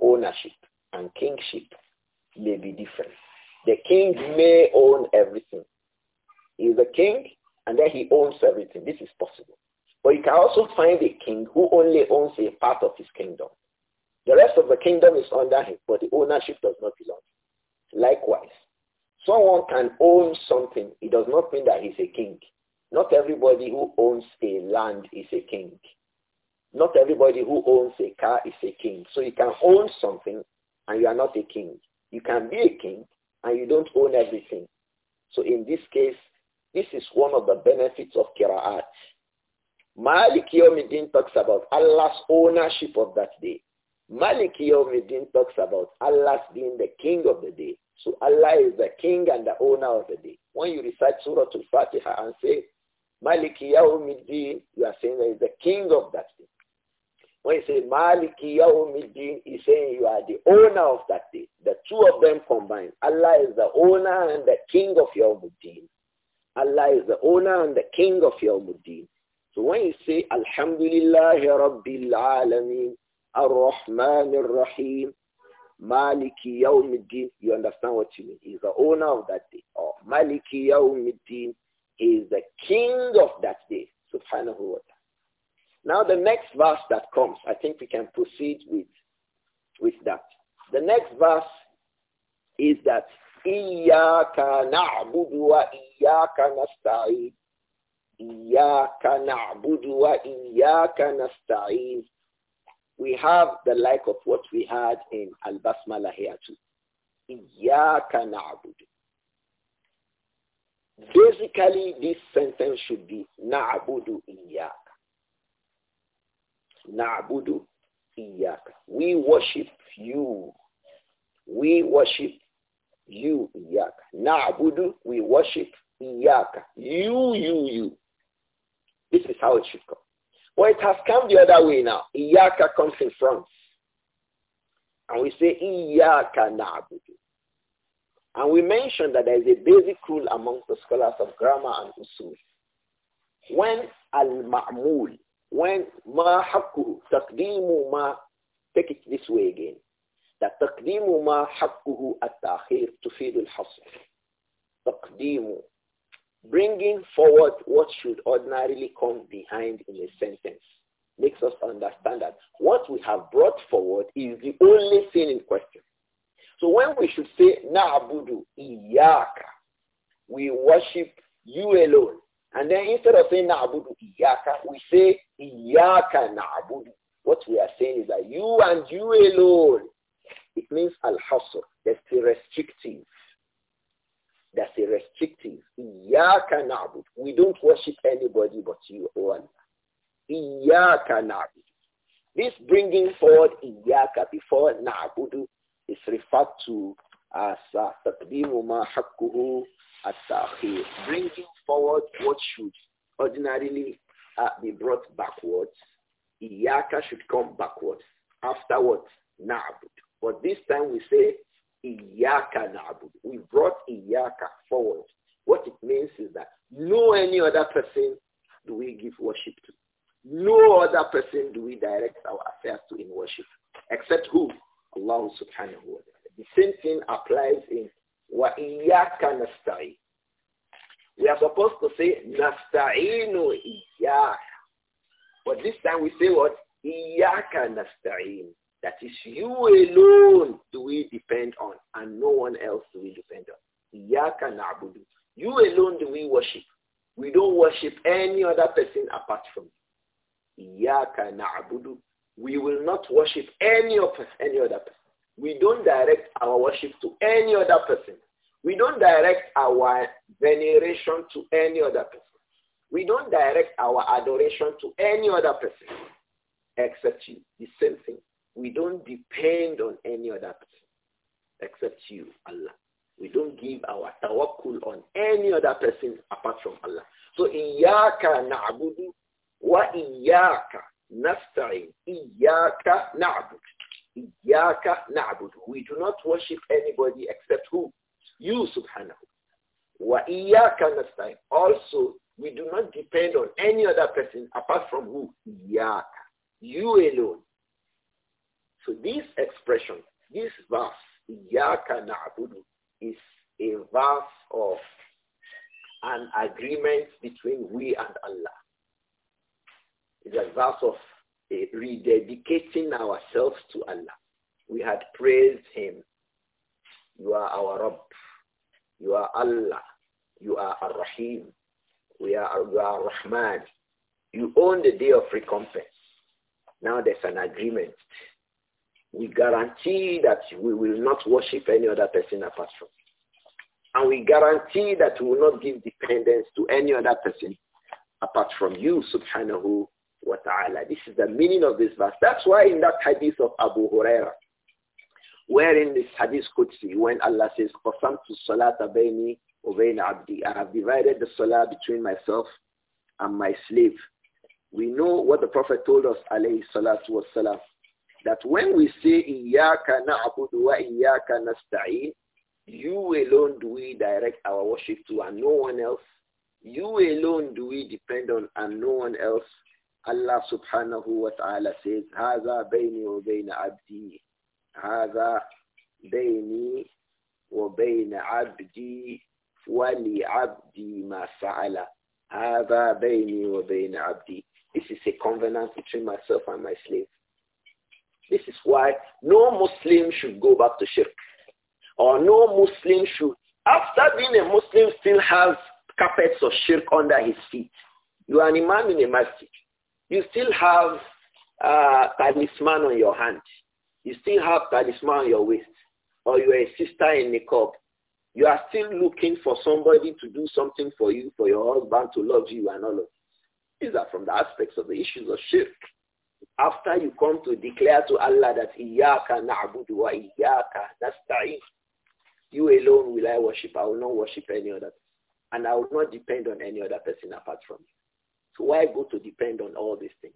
Ownership and kingship may be different. The king may own everything. He is a king, and then he owns everything. This is possible. But you can also find a king who only owns a part of his kingdom. The rest of the kingdom is under him, but the ownership does not belong to him. Likewise, someone can own something. It does not mean that he's a king. Not everybody who owns a land is a king. Not everybody who owns a car is a king. So you can own something and you are not a king. You can be a king and you don't own everything. So in this case, this is one of the benefits of Kira'at. Malik Yomidin talks about Allah's ownership of that day. Maliki Yawmiddin talks about Allah being the king of the day. So Allah is the king and the owner of the day. When you recite Surah Al-Fatiha and say, Maliki Yawmiddin, you are saying that is the king of that day. When you say Maliki Yawmiddin, he's saying you are the owner of that day. The two of them combined. Allah is the owner and the king of Yawmiddin. Allah is the owner and the king of Yawmiddin. So when you say Alhamdulillah Rabbil Alameen, Ar-Rahman Ar-Rahim, Maliki Yawmiddin. You understand what you mean. He's the owner of that day. oh, Maliki Yawmiddin. is the king of that day. Subhanahu wa ta'ala. Now the next verse that comes, I think we can proceed with, with that. The next verse is that Iyaka na'budu wa iyaka nasta'in. Iyaka na'budu wa iyaka nasta'in we have the like of what we had in Al-Basmala here too. Iyaka na'budu. Basically, this sentence should be na'budu iyaka. Na'budu iyaka. We worship you. We worship you iyaka. Na'budu, we worship iyaka. You, you, you. This is how it should come. Well, it has come the other way now. Iyaka comes in front. And we say, Iyaka na'budu. And we mentioned that there is a basic rule among the scholars of grammar and usul. When al-ma'mul, when ma takdimu ma, take it this way again, that takdimu ma haqquhu at-ta'khir tufidu al-hasr. Taqdimu bringing forward what should ordinarily come behind in a sentence makes us understand that what we have brought forward is the only thing in question. So when we should say, Na'budu iyaka, we worship you alone. And then instead of saying Na'budu iyaka, we say iyaka Na'budu. What we are saying is that you and you alone. It means al-hasr. That's the restrictive. That's a restrictive. Iyaka na'bud. We don't worship anybody but you, only. Allah. This bringing forward Iyaka before na'budu is referred to as uh, taqdimu ma Bringing forward what should ordinarily uh, be brought backwards. Iyaka should come backwards. Afterwards, Nabudu. But this time we say Iyaka na'bud. We brought Iyaka forward. What it means is that no any other person do we give worship to. No other person do we direct our affairs to in worship, except who? Allah subhanahu wa ta'ala. The same thing applies in wa iyaka nasta'in. We are supposed to say nasta'inu iyyaka. But this time we say what? iyaka nasta'in. That is you alone do we depend on and no one else do we depend on. Iyaka abudu. You alone do we worship. We don't worship any other person apart from you. Iyaka We will not worship any, of, any other person. We don't direct our worship to any other person. We don't direct our veneration to any other person. We don't direct our adoration to any other person except you. The same thing. We don't depend on any other person except you, Allah. We don't give our tawakkul on any other person apart from Allah. So iyyaka na'budu wa iyyaka nasta'in. Iyyaka na'bud. Iyyaka na'bud. We do not worship anybody except who? You subhanahu. Wa iyyaka nasta'in. Also, we do not depend on any other person apart from who? Iyyaka. You alone. So this expression, this verse, Iyaka na'budu, is a verse of an agreement between we and Allah. It's a verse of rededicating ourselves to Allah. We had praised him. You are our Rabb. You are Allah. You are Ar-Rahim. We are, you are Rahman. You own the day of recompense. Now there's an agreement we guarantee that we will not worship any other person apart from you. And we guarantee that we will not give dependence to any other person apart from you, subhanahu wa ta'ala. This is the meaning of this verse. That's why in that hadith of Abu Huraira, wherein this hadith see when Allah says, قَسَمْتُ الصَّلَاةَ over in Abdi. I have divided the salah between myself and my slave. We know what the Prophet told us, alayhi salatu salam." that when we say Iyaka na'budu wa Iyaka nasta'in, you alone do we direct our worship to and no one else. You alone do we depend on and no one else. Allah subhanahu wa ta'ala says, هذا بيني وبين عبدي. هذا بيني وبين عبدي ولعبدي ما فعل. هذا بيني وبين عبدي. This is a covenant between myself and my slave. This is why no Muslim should go back to shirk. Or no Muslim should, after being a Muslim, still has carpets of shirk under his feet. You are an imam in a masjid. You still have uh, talisman on your hand. You still have talisman on your waist. Or you are a sister in niqab. You are still looking for somebody to do something for you, for your husband to love you and all of this. These are from the aspects of the issues of shirk. After you come to declare to Allah that Iyaka na'budu wa Iyaka nasta'in, you alone will I worship. I will not worship any other. And I will not depend on any other person apart from you. So why go to depend on all these things?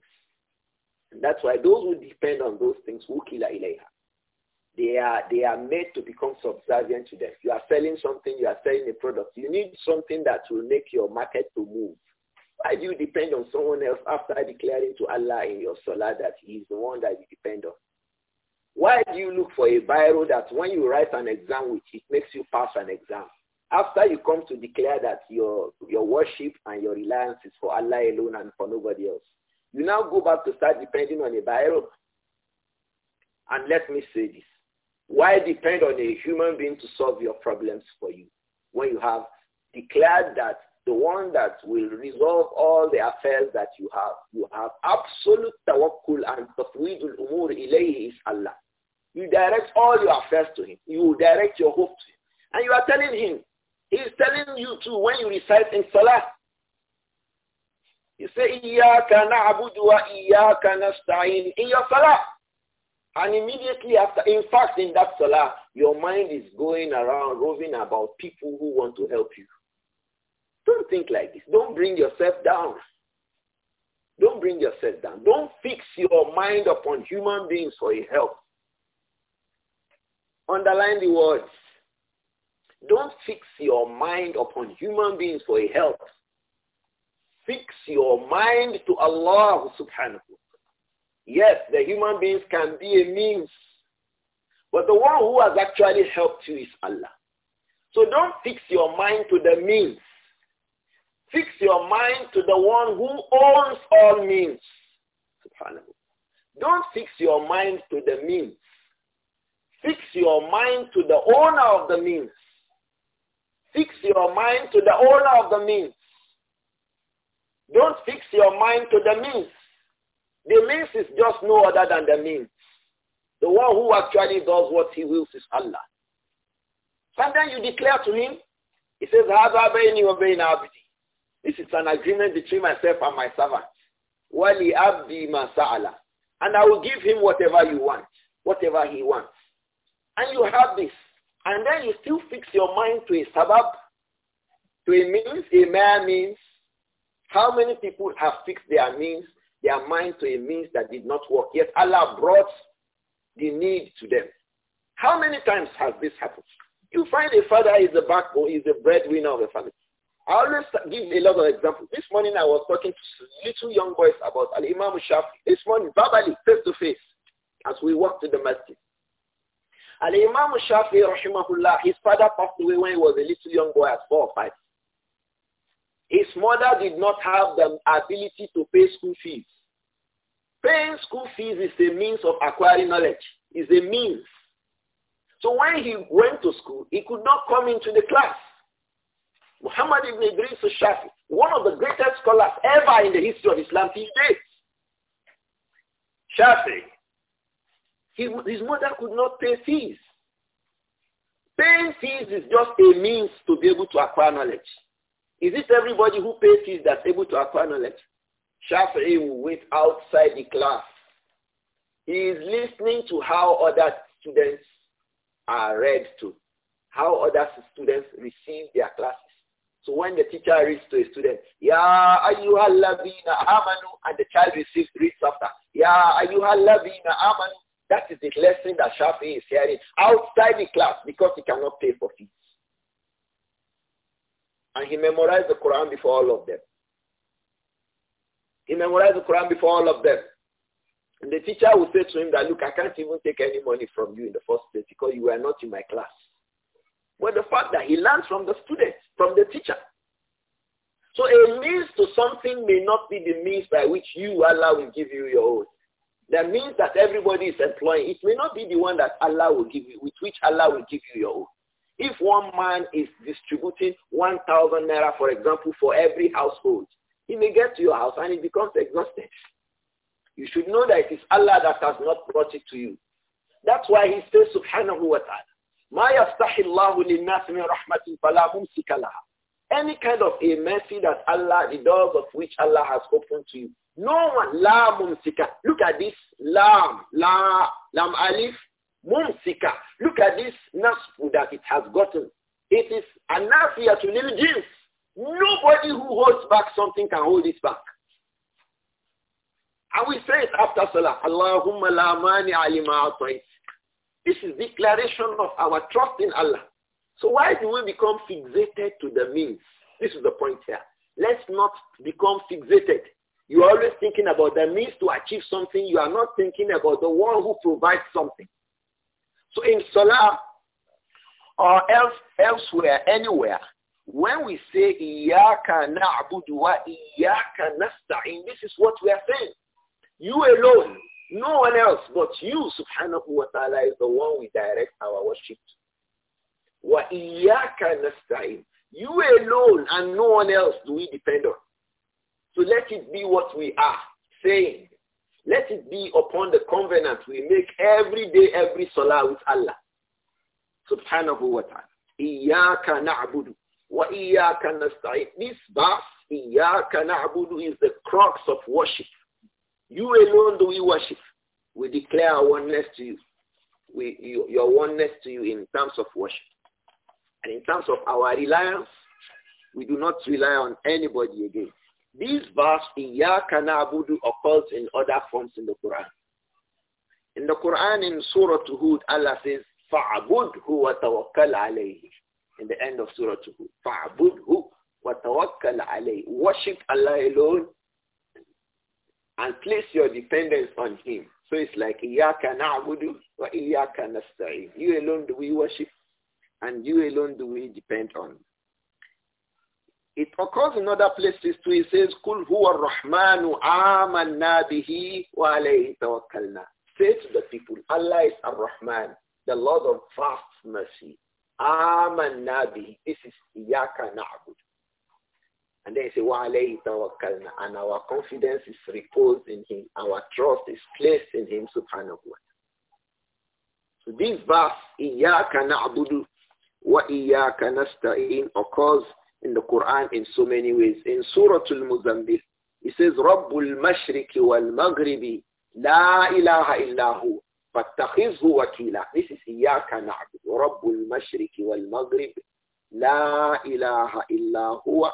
And that's why those who depend on those things, wukila ilayha, they are, they are made to become subservient to them. You are selling something, you are selling a product. You need something that will make your market to move. Why do you depend on someone else after declaring to Allah in your salah that he is the one that you depend on? Why do you look for a Bible that when you write an exam which it makes you pass an exam? After you come to declare that your, your worship and your reliance is for Allah alone and for nobody else, you now go back to start depending on a Bible. And let me say this. Why depend on a human being to solve your problems for you when you have declared that the one that will resolve all the affairs that you have. You have absolute tawakkul and tafweedul umur ilayhi is Allah. You direct all your affairs to him. You direct your hope to him. And you are telling him. He is telling you too when you recite in Salah. You say, Iyaka na'budu wa Iyaka nasta'in in your Salah. And immediately after, in fact, in that Salah, your mind is going around, roving about people who want to help you don't think like this. Don't bring yourself down. Don't bring yourself down. Don't fix your mind upon human beings for help. Underline the words. Don't fix your mind upon human beings for help. Fix your mind to Allah subhanahu Yes, the human beings can be a means. But the one who has actually helped you is Allah. So don't fix your mind to the means. Fix your mind to the one who owns all means. Don't fix your mind to the means. Fix your mind to the owner of the means. Fix your mind to the owner of the means. Don't fix your mind to the means. The means is just no other than the means. The one who actually does what he wills is Allah. Sometimes you declare to him, he says, Hada bayni wa bayna abdi. This is an agreement between myself and my servant. Wali abdi masala. And I will give him whatever you want, whatever he wants. And you have this. And then you still fix your mind to a sabab, to a means, a mere means. How many people have fixed their means, their mind to a means that did not work, yet Allah brought the need to them? How many times has this happened? You find a father is the backbone, is the breadwinner of the family. I always give a lot of examples. This morning I was talking to little young boys about Al-Imam Shafi. This morning, verbally, face to face, as we walked to the masjid. Al-Imam Shafi, rahimahullah, his father passed away when he was a little young boy at four or five. His mother did not have the ability to pay school fees. Paying school fees is a means of acquiring knowledge. It's a means. So when he went to school, he could not come into the class. Muhammad ibn Idris al-Shafi, one of the greatest scholars ever in the history of Islam, he did. Shafi, his, his mother could not pay fees. Paying fees is just a means to be able to acquire knowledge. Is it everybody who pays fees that's able to acquire knowledge? Shafi will outside the class. He is listening to how other students are read to, how other students receive their classes. So when the teacher reads to a student, Ya ayyuhalladhina amanu, and the child receives, reads after, Ya ayyuhalladhina amanu, that is the lesson that Shafi is hearing outside the class because he cannot pay for fees. And he memorized the Quran before all of them. He memorized the Quran before all of them. And the teacher would say to him that, look, I can't even take any money from you in the first place because you were not in my class. Well, the fact that he learns from the student, from the teacher. So a means to something may not be the means by which you, Allah, will give you your own. The means that everybody is employing, it may not be the one that Allah will give you, with which Allah will give you your own. If one man is distributing 1,000 naira, for example, for every household, he may get to your house and it becomes exhausted. You should know that it is Allah that has not brought it to you. That's why he says, subhanahu wa ta'ala, مَا يَفْتَحِ اللَّهُ لِلنَّاسِ مِنْ رَحْمَةٍ فَلَا Any kind of a mercy that Allah, the doors of which Allah has opened to you. No one, la mumsika. Look at this, lam, la, lam alif, mumsika. Look at this nasfu that it has gotten. It is anafia to little jins. Nobody who holds back something can hold it back. And we say it after Salah. Allahumma la mani alima this is declaration of our trust in Allah. So why do we become fixated to the means? This is the point here. Let's not become fixated. You are always thinking about the means to achieve something. You are not thinking about the one who provides something. So in Salah or else, elsewhere, anywhere, when we say Iyaka na'budu wa Iyaka nasta'in, this is what we are saying. You alone, no one else but you, subhanahu wa ta'ala, is the one we direct our worship to. وَإِيَّاكَ nasta'in. You alone and no one else do we depend on. So let it be what we are saying. Let it be upon the covenant we make every day, every salah with Allah. Subhanahu wa ta'ala. nabudu. Wa وَإِيَّاكَ nasta'in. This verse, إِيَّاكَ nabudu, is the crux of worship. You alone do we worship. We declare our oneness to you. We, you, your oneness to you in terms of worship. And in terms of our reliance, we do not rely on anybody again. This verse, Iyaka na'budu, occurs in other forms in the Quran. In the Quran, in Surah Hud, Allah says, wa وَتَوَكَّلْ alayhi. In the end of Surah Hud, wa وَتَوَكَّلْ alayhi. Worship Allah alone and place your dependence on him. So it's like, Iyaka na'budu wa Iyaka You alone do we worship and you alone do we depend on. It occurs in other places too. It says, Kul huwa rahmanu amanna bihi wa alayhi tawakkalna. Say to the people, Allah is ar-Rahman, the Lord of vast mercy. Amanna bihi. This is Iyaka na'budu. And then he said, Wale itawakalna. And our confidence is reposed in him. Our trust is placed in him, subhanahu wa ta'ala. So this verse, Iyaka na'budu wa Iyaka nasta'in, occurs in the Quran in so many ways. In Surah al muzammil it says, Rabbul Mashriki wal Maghribi, La ilaha illahu, fattakhizhu wakila. This is Iyaka na'budu, Rabbul Mashriki wal Maghribi, La ilaha illahu,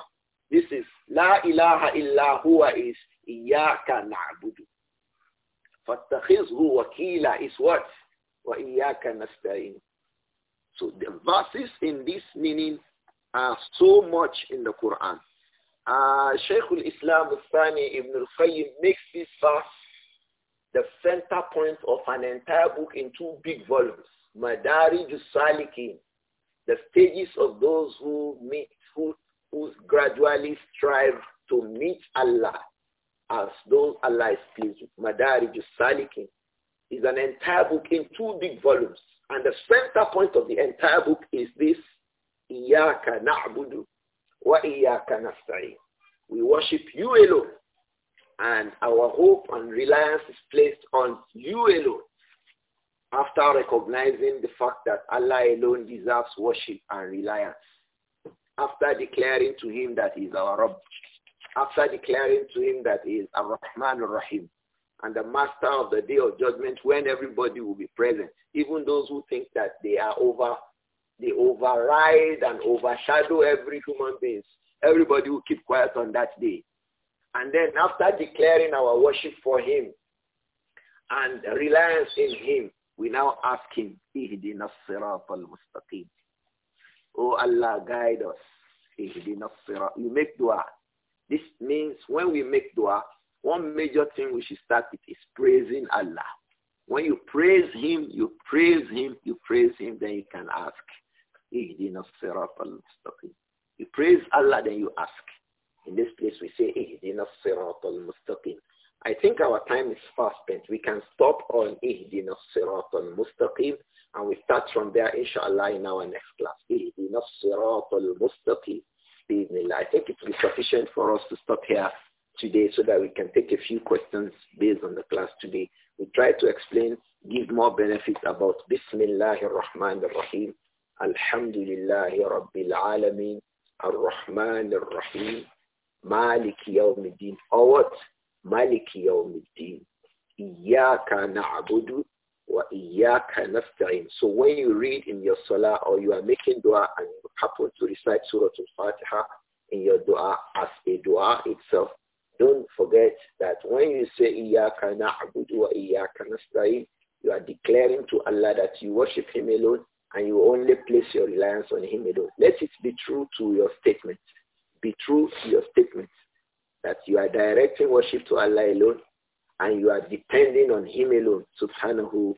this is La ilaha illa huwa is Iyaka na'budu. فَاتَّخِذْهُ وَكِيلًا is what? وَإِيَّاكَ نَسْتَعِينُ So the verses in this meaning are so much in the Quran. Uh, Shaykh al-Islam al-Thani Ibn al-Qayyim makes this verse the center point of an entire book in two big volumes, Madari Jusalikin, salikin the stages of those who meet, who who gradually strive to meet Allah as those Allah is pleased with. is an entire book in two big volumes. And the center point of the entire book is this, Iyaka na'budu wa Iyaka nasta'in. We worship you alone. And our hope and reliance is placed on you alone. After recognizing the fact that Allah alone deserves worship and reliance after declaring to him that he is our Rabb, after declaring to him that he is Ar-Rahman Ar-Rahim, and the master of the day of judgment when everybody will be present, even those who think that they are over, they override and overshadow every human being. Everybody will keep quiet on that day. And then after declaring our worship for him and reliance in him, we now ask him, Ihdina al-Mustaqim. Oh Allah, guide us. You make dua. This means when we make dua, one major thing we should start with is praising Allah. When you praise him, you praise him, you praise him, then you can ask. You praise Allah, then you ask. In this place we say, Ihdina sirat al-mustaqim. I think our time is fast spent. We can stop on Ihdina Sirat al-Mustaqim and we start from there inshallah in our next class. Ihdina Sirat al-Mustaqim. I think it will be sufficient for us to stop here today so that we can take a few questions based on the class today. We try to explain, give more benefits about Bismillah ar-Rahman ar-Rahim, Alhamdulillah Rabbil Alameen, Ar-Rahman ar-Rahim, Malik Yawmiddin, or what? So when you read in your salah or you are making dua and you happen to recite Surah Al-Fatiha in your dua as a dua itself, don't forget that when you say إِيَّاكَ نَعْبُدُ وَإِيَّاكَ نَسْتَعِينُ, you are declaring to Allah that you worship Him alone and you only place your reliance on Him alone. Let it be true to your statement. Be true to your statement that you are directing worship to Allah alone and you are depending on Him alone, subhanahu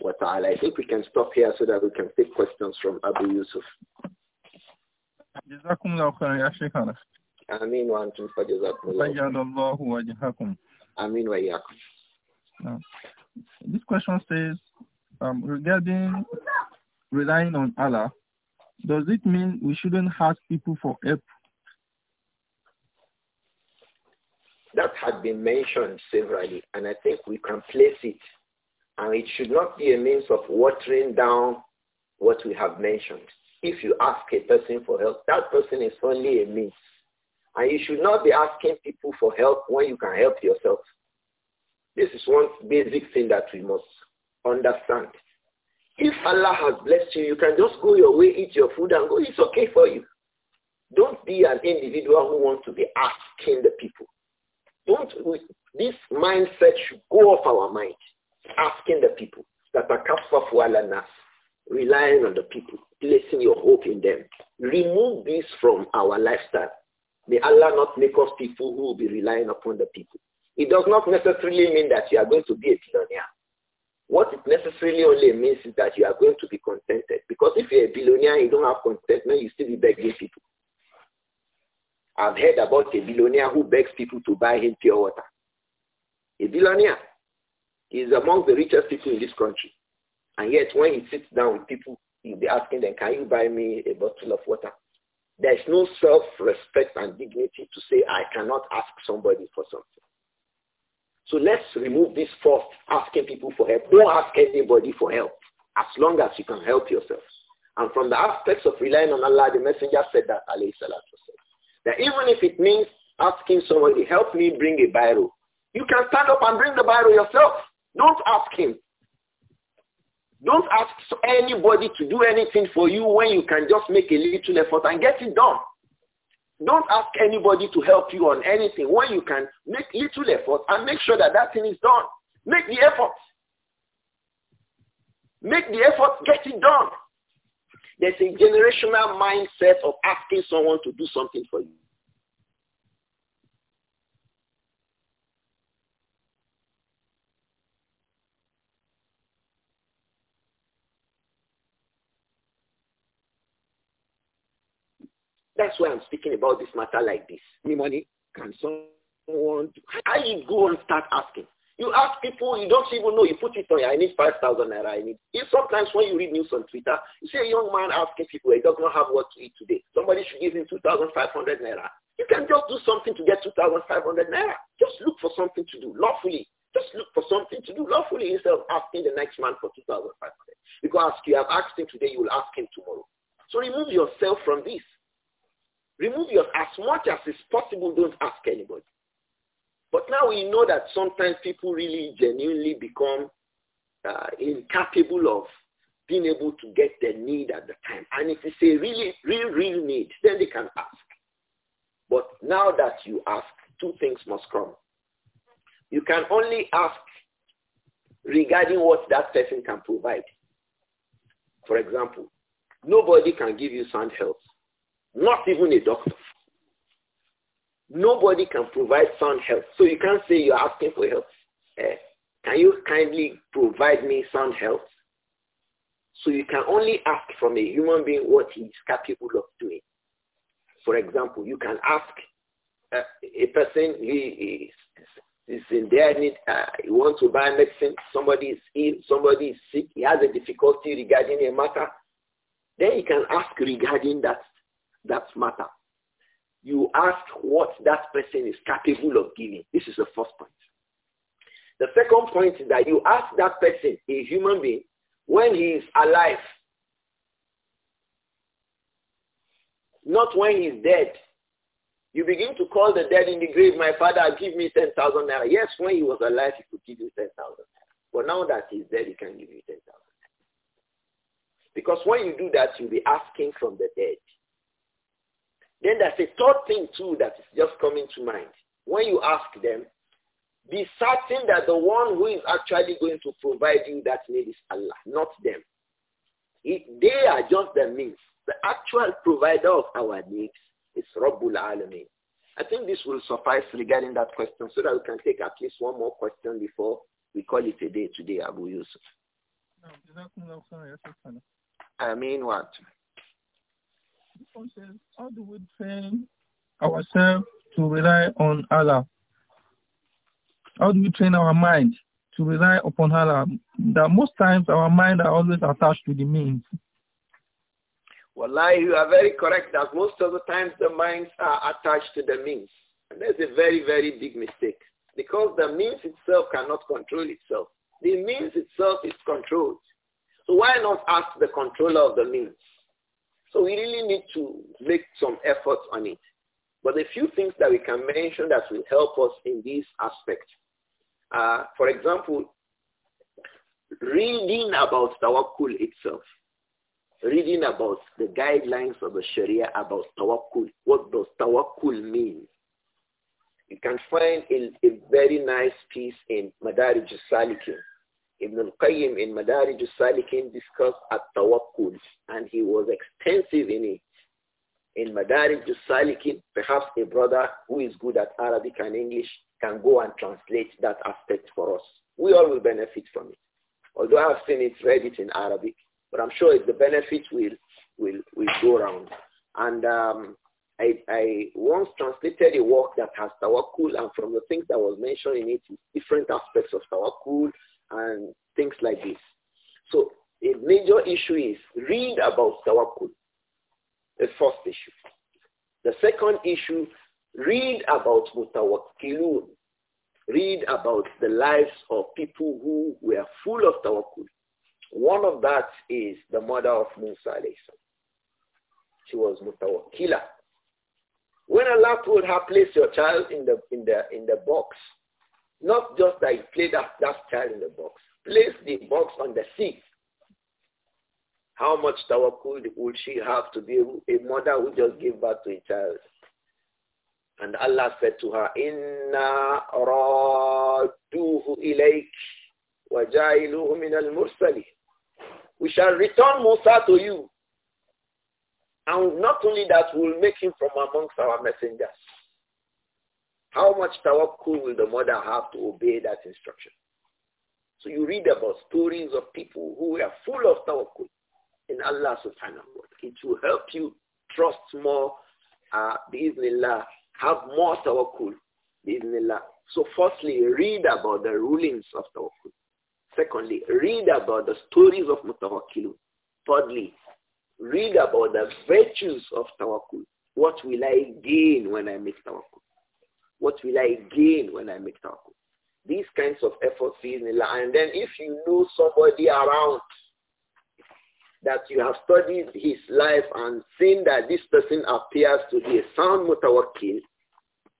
wa ta'ala. I think we can stop here so that we can take questions from Abu Yusuf. Amin wa خيرا fa شيخنا آمين وأنتم فجزاكم الله This question says um, regarding relying on Allah, does it mean we shouldn't ask people for help That had been mentioned severally, and I think we can place it. And it should not be a means of watering down what we have mentioned. If you ask a person for help, that person is only a means. And you should not be asking people for help when you can help yourself. This is one basic thing that we must understand. If Allah has blessed you, you can just go your way, eat your food and go. It's okay for you. Don't be an individual who wants to be asking the people. Don't we, this mindset should go off our mind, asking the people that are kafafu ala nas, relying on the people, placing your hope in them. Remove this from our lifestyle. May Allah not make us people who will be relying upon the people. It does not necessarily mean that you are going to be a billionaire. What it necessarily only means is that you are going to be contented. Because if you're a billionaire, you don't have contentment, you still be begging people. I've heard about a billionaire who begs people to buy him pure water. A billionaire. is among the richest people in this country. And yet when he sits down with people, he'll be asking them, can you buy me a bottle of water? There is no self-respect and dignity to say, I cannot ask somebody for something. So let's remove this force asking people for help. Don't ask anybody for help as long as you can help yourself. And from the aspects of relying on Allah, the messenger said that, alayhi salatu that even if it means asking somebody, help me bring a Bible, you can stand up and bring the Bible yourself. Don't ask him. Don't ask anybody to do anything for you when you can just make a little effort and get it done. Don't ask anybody to help you on anything when you can make little effort and make sure that that thing is done. Make the effort. Make the effort, get it done. There's a generational mindset of asking someone to do something for you. That's why I'm speaking about this matter like this. Me money, can someone, how you go and start asking? You ask people, you don't even know. You put it on, I need 5,000 naira, I need. sometimes when you read news on Twitter, you see a young man asking people, he does not have what to eat today. Somebody should give him 2,500 naira. You can just do something to get 2,500 naira. Just look for something to do lawfully. Just look for something to do lawfully instead of asking the next man for 2,500. Because you have asked him today, you will ask him tomorrow. So remove yourself from this. Remove yourself as much as is possible. Don't ask anybody. But now we know that sometimes people really genuinely become uh, incapable of being able to get their need at the time. And if it's a really, real, real need, then they can ask. But now that you ask, two things must come. You can only ask regarding what that person can provide. For example, nobody can give you sound health, not even a doctor. Nobody can provide sound health. So you can't say you're asking for help. Eh, can you kindly provide me sound health? So you can only ask from a human being what he is capable of doing. For example, you can ask uh, a person he is, is in dire need, uh, he wants to buy medicine, somebody is ill, somebody is sick, he has a difficulty regarding a matter, then you can ask regarding that, that matter you ask what that person is capable of giving. This is the first point. The second point is that you ask that person, a human being, when he is alive, not when he is dead. You begin to call the dead in the grave, my father, give me 10,000 naira. Yes, when he was alive, he could give you 10,000 naira. But now that he's dead, he can give you 10,000 naira. Because when you do that, you'll be asking from the dead. Then there's a third thing too that is just coming to mind. When you ask them, be certain that the one who is actually going to provide you that need is Allah, not them. It, they are just the means. The actual provider of our needs is Rabbul Alameen. I think this will suffice regarding that question so that we can take at least one more question before we call it a day today, Abu Yusuf. I mean what? how do we train ourselves to rely on Allah? How do we train our mind to rely upon Allah? That most times our mind are always attached to the means. Wallahi, you are very correct that most of the times the minds are attached to the means. And that's a very, very big mistake because the means itself cannot control itself. The means itself is controlled. So why not ask the controller of the means? So we really need to make some efforts on it. But a few things that we can mention that will help us in this aspect. Uh, for example, reading about tawakkul itself, reading about the guidelines of the Sharia about tawakkul. What does tawakkul mean? You can find a, a very nice piece in Madarij Salik. Ibn al-Qayyim in Madarij al-Salikin discussed at-tawakkul and he was extensive in it. In Madarij al-Salikin, perhaps a brother who is good at Arabic and English can go and translate that aspect for us. We all will benefit from it. Although I have seen it, read it in Arabic, but I'm sure the benefit will, will, will go around. And um, I, I, once translated a work that has tawakkul and from the things that was mentioned in it is different aspects of tawakkul and things like this. So a major issue is read about tawakkul, the first issue. The second issue, read about mutawakkilun. Read about the lives of people who were full of tawakkul. One of that is the mother of Musa She was mutawakkila. When Allah told her, place your child in the, in the, in the box, not just that he played that, that child in the box. Place the box on the seat. How much tawakkul would she have to be a mother who just gave birth to a child? And Allah said to her, Inna raduhu ilayk wa jailuhu min al We shall return Musa to you. And not only that, we'll make him from amongst our messengers. How much tawakkul will the mother have to obey that instruction? So you read about stories of people who were full of tawakkul in Allah subhanahu wa ta'ala. It will help you trust more, uh, biiznillah, have more tawakkul, Bismillah. So firstly, read about the rulings of tawakkul. Secondly, read about the stories of mutawakkilu. Thirdly, read about the virtues of tawakkul. What will I gain when I make tawakkul? What will I gain when I make tawakul? These kinds of efforts, and then if you know somebody around that you have studied his life and seen that this person appears to be a sound tawakul,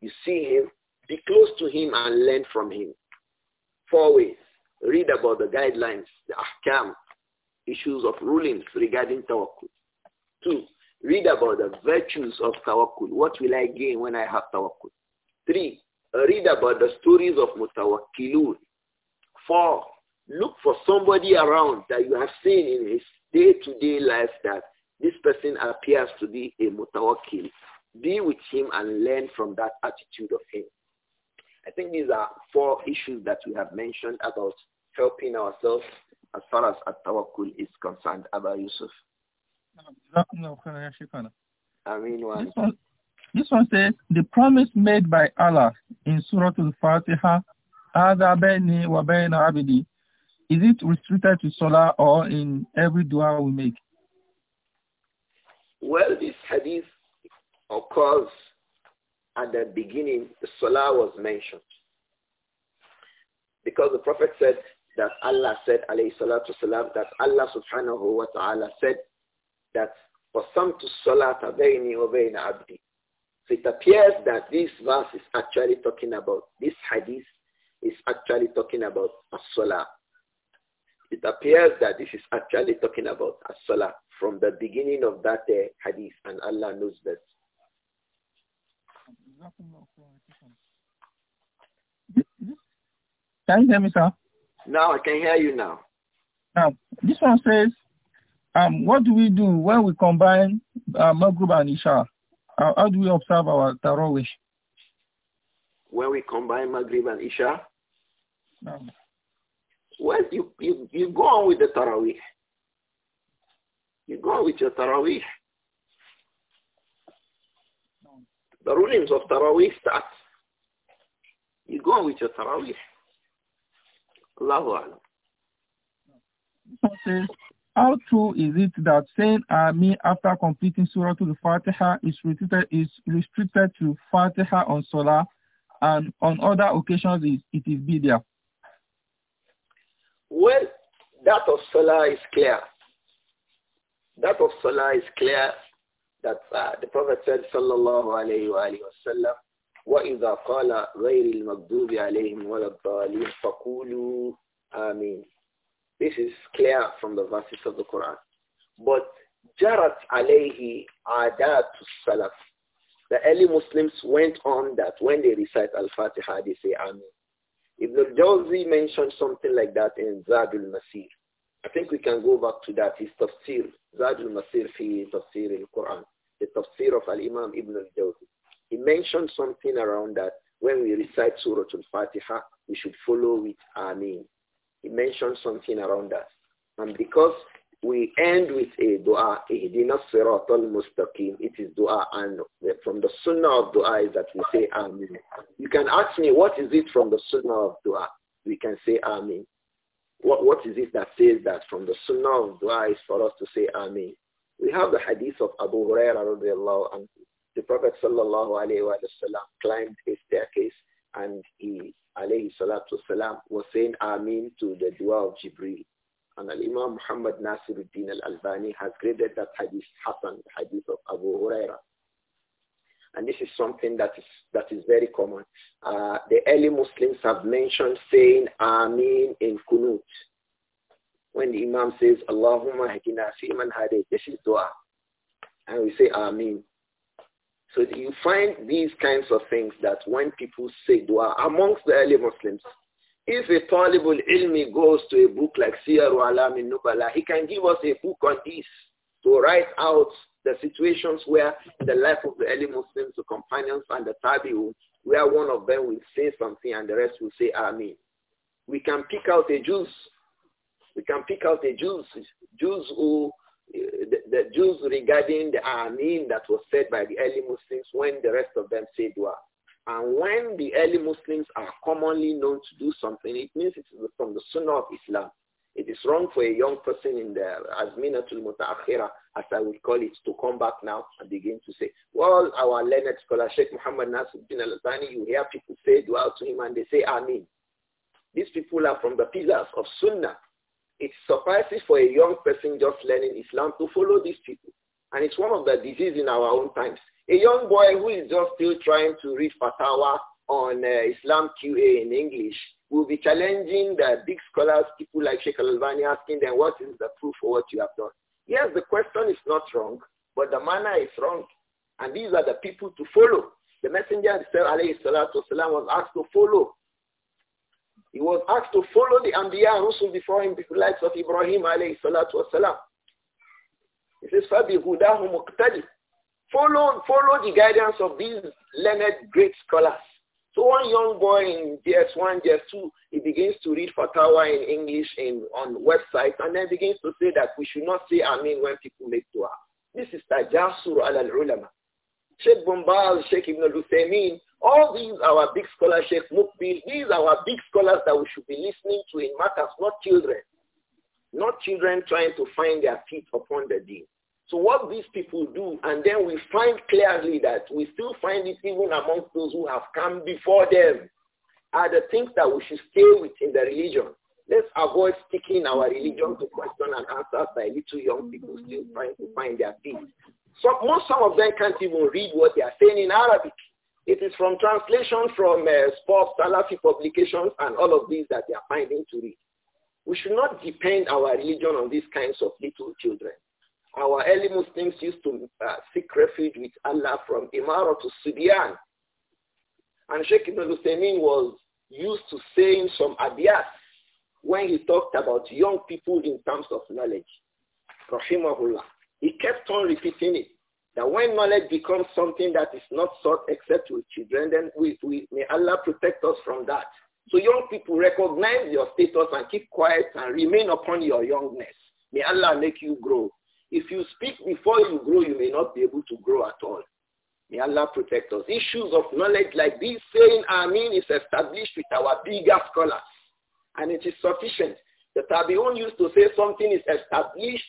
you see him, be close to him and learn from him. Four ways. Read about the guidelines, the ahkam, issues of rulings regarding tawakul. Two, read about the virtues of tawakul. What will I gain when I have tawakul? Three, read about the stories of mutawakilun. Four, look for somebody around that you have seen in his day-to-day life that this person appears to be a mutawakil. Be with him and learn from that attitude of him. I think these are four issues that we have mentioned about helping ourselves as far as at is concerned, about Yusuf. I mean, one. This one says, the promise made by Allah in Surah Al-Fatiha, Ada bayni wa abidi, is it restricted to Salah or in every dua we make? Well, this hadith occurs at the beginning, the Salah was mentioned. Because the Prophet said that Allah said, alayhi salatu salam, that Allah subhanahu wa ta'ala said that, for some to salat abayni wa abdi. So it appears that this verse is actually talking about, this hadith is actually talking about as-salah. It appears that this is actually talking about as-salah from the beginning of that uh, hadith and Allah knows best. Can you hear me, sir? Now I can hear you now. Now, this one says, um, what do we do when we combine uh, Maghrib and Isha? How, how do we observe our Tarawih? When we combine Maghrib and Isha? No. Well, you, you, you go on with the Tarawih. You go on with your Tarawih. No. The rulings of Tarawih start. You go on with your Tarawih. Allahu Akbar. How true is it that saying Amin after completing Surah to the Fatiha is restricted, is restricted to Fatiha on Salah and on other occasions it, it is Bidya? Well, that of Salah is clear. That of Salah is clear that uh, the Prophet said, Sallallahu Alaihi Wasallam, وَإِذَا قَالَ غَيْرِ الْمَغْضُوبِ عَلَيْهِمْ وَلَا الضَّالِينَ فَقُولُوا آمِينَ this is clear from the verses of the Quran. But jarat alayhi adatu salaf. The early Muslims went on that when they recite Al-Fatiha, they say Amin. Ibn Jawzi mentioned something like that in Zadul Masir. I think we can go back to that. His tafsir, Zadul Masir fi tafsir al-Quran, the tafsir of Al-Imam Ibn Jawzi. He mentioned something around that when we recite Surah Al-Fatiha, we should follow with Amin. He mentioned something around that. And because we end with a dua, ihdina siratal mustaqim. It is dua and from the sunnah of dua is that we say amin. You can ask me what is it from the sunnah of dua? We can say amin. What, what is it that says that from the sunnah of dua is for us to say amin? We have the hadith of Abu Hurairah and The Prophet sallallahu alayhi wa sallam climbed a staircase and he alayhi salatu wasalam, was saying Ameen to the dua of Jibril. And Al-Imam Muhammad Nasiruddin Al-Albani has graded that hadith Hassan, the hadith of Abu Huraira. And this is something that is, that is very common. Uh, the early Muslims have mentioned saying Ameen in Kunut. When the Imam says, Allahumma hakina fi man hadith, this is dua. And we say Ameen. So you find these kinds of things that when people say dua amongst the early Muslims, if a talibul ilmi goes to a book like Siyaru Alamin Nubala, he can give us a book on this to write out the situations where in the life of the early Muslims, the companions and the tabi'un, where one of them will say something and the rest will say Ameen. We can pick out a Jews. We can pick out a Jews, Jews who, eh, the Jews regarding the Amin that was said by the early Muslims when the rest of them said dua. And when the early Muslims are commonly known to do something, it means it is from the Sunnah of Islam. It is wrong for a young person in the Azminatul Mutaakhira, as I would call it, to come back now and begin to say, well, our learned scholar Sheikh Muhammad Nasruddin al azani you hear people say dua to him and they say Amin. These people are from the pillars of Sunnah it surprises for a young person just learning Islam to follow these people. And it's one of the diseases in our own times. A young boy who is just still trying to read fatwa on uh, Islam QA in English will be challenging the big scholars, people like Sheikh Al-Albani, asking them, what is the proof for what you have done? Yes, the question is not wrong, but the manner is wrong. And these are the people to follow. The messenger himself, alayhi salatu was asked to follow he was asked to follow the Anbiya and Rusul before him, the likes of Ibrahim alayhi salatu wasalam. He says, Fabi Hudahu Muqtadi. Follow, follow the guidance of these learned great scholars. So one young boy in JS1, JS2, he begins to read fatwa in English in, on websites and then begins to say that we should not say Amin when people make dua. This is Tajasur al-ulama. Sheikh Bumbal, Sheikh Ibn al all these our big scholars, Sheikh Mukbil, these are our big scholars that we should be listening to in matters, not children. Not children trying to find their feet upon the deal. So what these people do, and then we find clearly that we still find it even amongst those who have come before them, are the things that we should stay with in the religion. Let's avoid sticking our religion to question and answers by little young people still trying to find their feet. So most some of them can't even read what they are saying in Arabic. It is from translation from uh, sports, Salafi publications, and all of these that they are finding to read. We should not depend our religion on these kinds of little children. Our early Muslims used to uh, seek refuge with Allah from Imara to Sudan. And Sheikh Ibn Husaymin was used to saying some adiyas when he talked about young people in terms of knowledge. Rahimahullah. He kept on repeating it. That when knowledge becomes something that is not sought except with children, then we, we, may Allah protect us from that. So young people recognize your status and keep quiet and remain upon your youngness. May Allah make you grow. If you speak before you grow, you may not be able to grow at all. May Allah protect us. Issues of knowledge like this saying Amin is established with our bigger scholars. And it is sufficient. The Tabi'un used to say something is established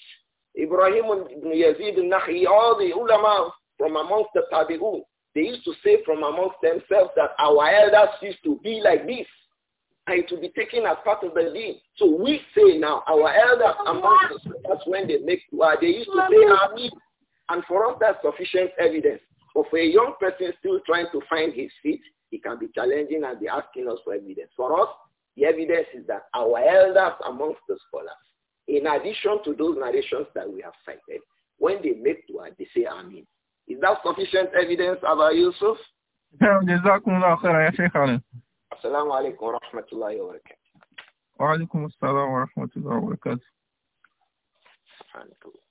Ibrahim ibn Yazid al-Nahi, all the ulama from amongst the Tabi'un, they used to say from amongst themselves that our elders used to be like this and it would be taken as part of the deen. So we say now, our elders amongst us, that's when they make dua. They used to say Amin. And for us, that's sufficient evidence. But for a young person still trying to find his feet, it can be challenging and be asking us for evidence. For us, the evidence is that our elders amongst the scholars, in addition to those narrations that we have cited, when they make dua, they say Amin. Is that sufficient evidence, Abba Yusuf? Jazakumullah khairan, ya Sheikh Ali. Assalamu alaikum wa rahmatullahi wa barakatuh. Wa alaikum ورحمة الله وبركاته. سبحانك الله.